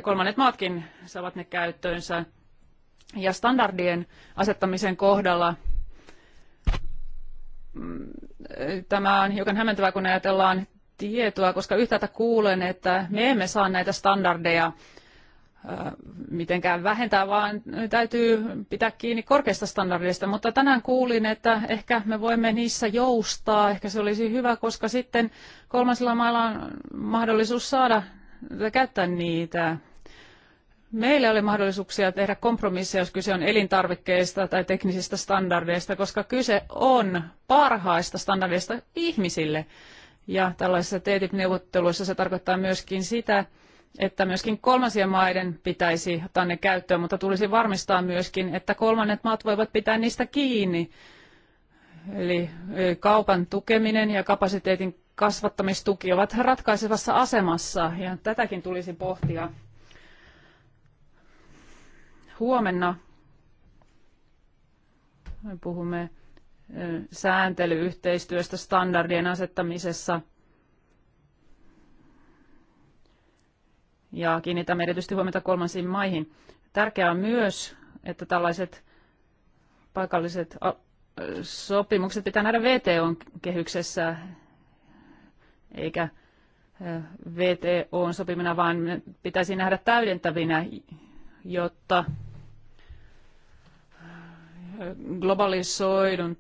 kolmannet maatkin saavat ne käyttöönsä. Ja standardien asettamisen kohdalla mm, tämä on hiukan hämmentävää, kun ajatellaan tietoa, koska yhtäältä kuulen, että me emme saa näitä standardeja mitenkään vähentää, vaan täytyy pitää kiinni korkeista standardeista. Mutta tänään kuulin, että ehkä me voimme niissä joustaa, ehkä se olisi hyvä, koska sitten kolmasilla mailla on mahdollisuus saada käyttää niitä. Meillä oli mahdollisuuksia tehdä kompromisseja, jos kyse on elintarvikkeista tai teknisistä standardeista, koska kyse on parhaista standardeista ihmisille. Ja tällaisissa TTIP-neuvotteluissa se tarkoittaa myöskin sitä, että myöskin kolmansien maiden pitäisi ottaa ne käyttöön, mutta tulisi varmistaa myöskin, että kolmannet maat voivat pitää niistä kiinni. Eli kaupan tukeminen ja kapasiteetin kasvattamistuki ovat ratkaisevassa asemassa ja tätäkin tulisi pohtia. Huomenna me puhumme sääntelyyhteistyöstä standardien asettamisessa. Ja kiinnitämme erityisesti huomiota kolmansiin maihin. Tärkeää on myös, että tällaiset paikalliset sopimukset pitää nähdä vto kehyksessä, eikä vto sopimina, vaan pitäisi nähdä täydentävinä, jotta globalisoidun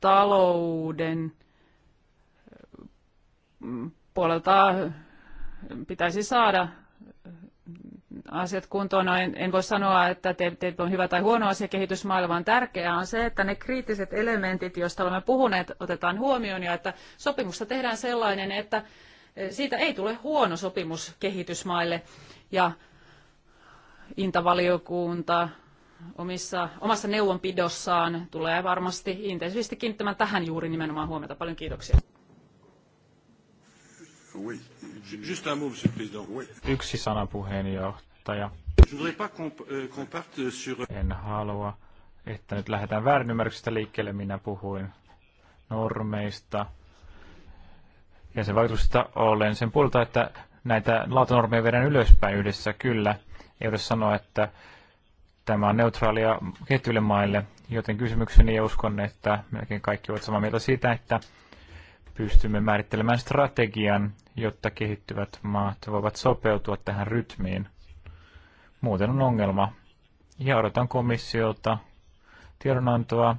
talouden puolelta pitäisi saada asiat kuntoon. No en, en voi sanoa, että te, te on hyvä tai huono asia kehitysmaailma, vaan tärkeää on se, että ne kriittiset elementit, joista olemme puhuneet, otetaan huomioon ja että sopimusta tehdään sellainen, että siitä ei tule huono sopimus kehitysmaille. Ja intavaliokunta omissa, omassa neuvonpidossaan tulee varmasti intensiivisesti kiinnittämään tähän juuri nimenomaan huomiota. Paljon kiitoksia. Yksi sana puheenjohtaja. Euh, en halua, että nyt lähdetään väärinymmärryksestä liikkeelle. Minä puhuin normeista ja sen vaikutuksesta olen sen puolta, että näitä laatunormeja viedään ylöspäin yhdessä. Kyllä, ei voida sanoa, että tämä on neutraalia kehittyville maille, joten kysymykseni ja uskon, että melkein kaikki ovat samaa mieltä siitä, että pystymme määrittelemään strategian, jotta kehittyvät maat voivat sopeutua tähän rytmiin. Muuten on ongelma. Ja odotan komissiolta tiedonantoa,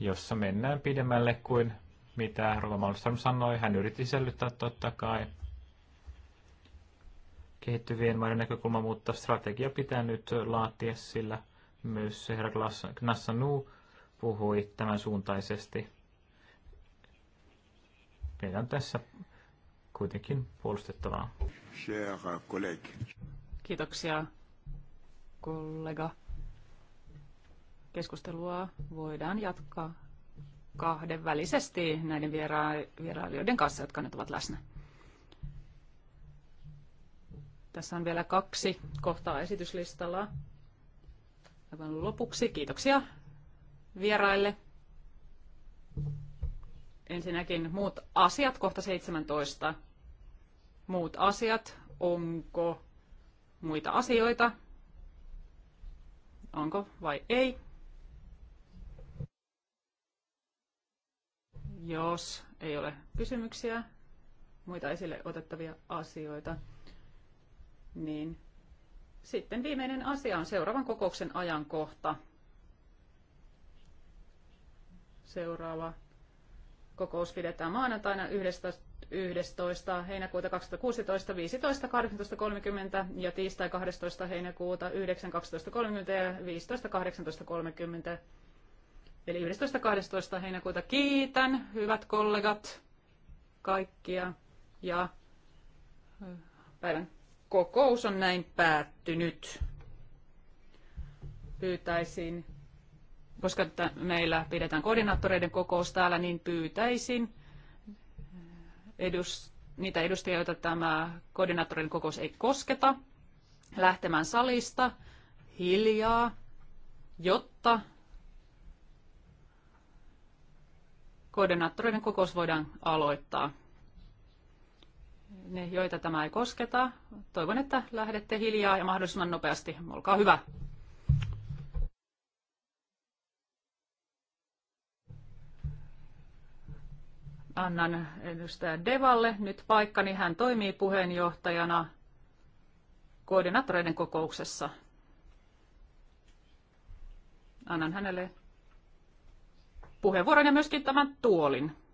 jossa mennään pidemmälle kuin mitä Rova Malmström sanoi. Hän yritti sellyttää totta kai kehittyvien maiden näkökulma, mutta strategia pitää nyt laatia, sillä myös herra Knassanu puhui tämän suuntaisesti. Meillä on tässä kuitenkin puolustettavaa. Kiitoksia, kollega. Keskustelua voidaan jatkaa kahdenvälisesti näiden vierailijoiden kanssa, jotka nyt ovat läsnä. Tässä on vielä kaksi kohtaa esityslistalla. Aivan lopuksi kiitoksia vieraille. Ensinnäkin muut asiat, kohta 17. Muut asiat, onko muita asioita? Onko vai ei? Jos ei ole kysymyksiä, muita esille otettavia asioita niin sitten viimeinen asia on seuraavan kokouksen ajankohta. Seuraava kokous pidetään maanantaina 11. 11. heinäkuuta 2016 15.18.30 ja tiistai 12. heinäkuuta 9.12.30 ja 15.18.30. Eli 11.12. heinäkuuta kiitän hyvät kollegat kaikkia ja päivän Kokous on näin päättynyt. Pyytäisin, koska meillä pidetään koordinaattoreiden kokous täällä, niin pyytäisin eh, edus, niitä edustajia, joita tämä koordinaattoreiden kokous ei kosketa, lähtemään salista hiljaa, jotta koordinaattoreiden kokous voidaan aloittaa ne, joita tämä ei kosketa. Toivon, että lähdette hiljaa ja mahdollisimman nopeasti. Olkaa hyvä. Annan edustaja Devalle nyt paikkani. Hän toimii puheenjohtajana koordinaattoreiden kokouksessa. Annan hänelle puheenvuoron ja myöskin tämän tuolin.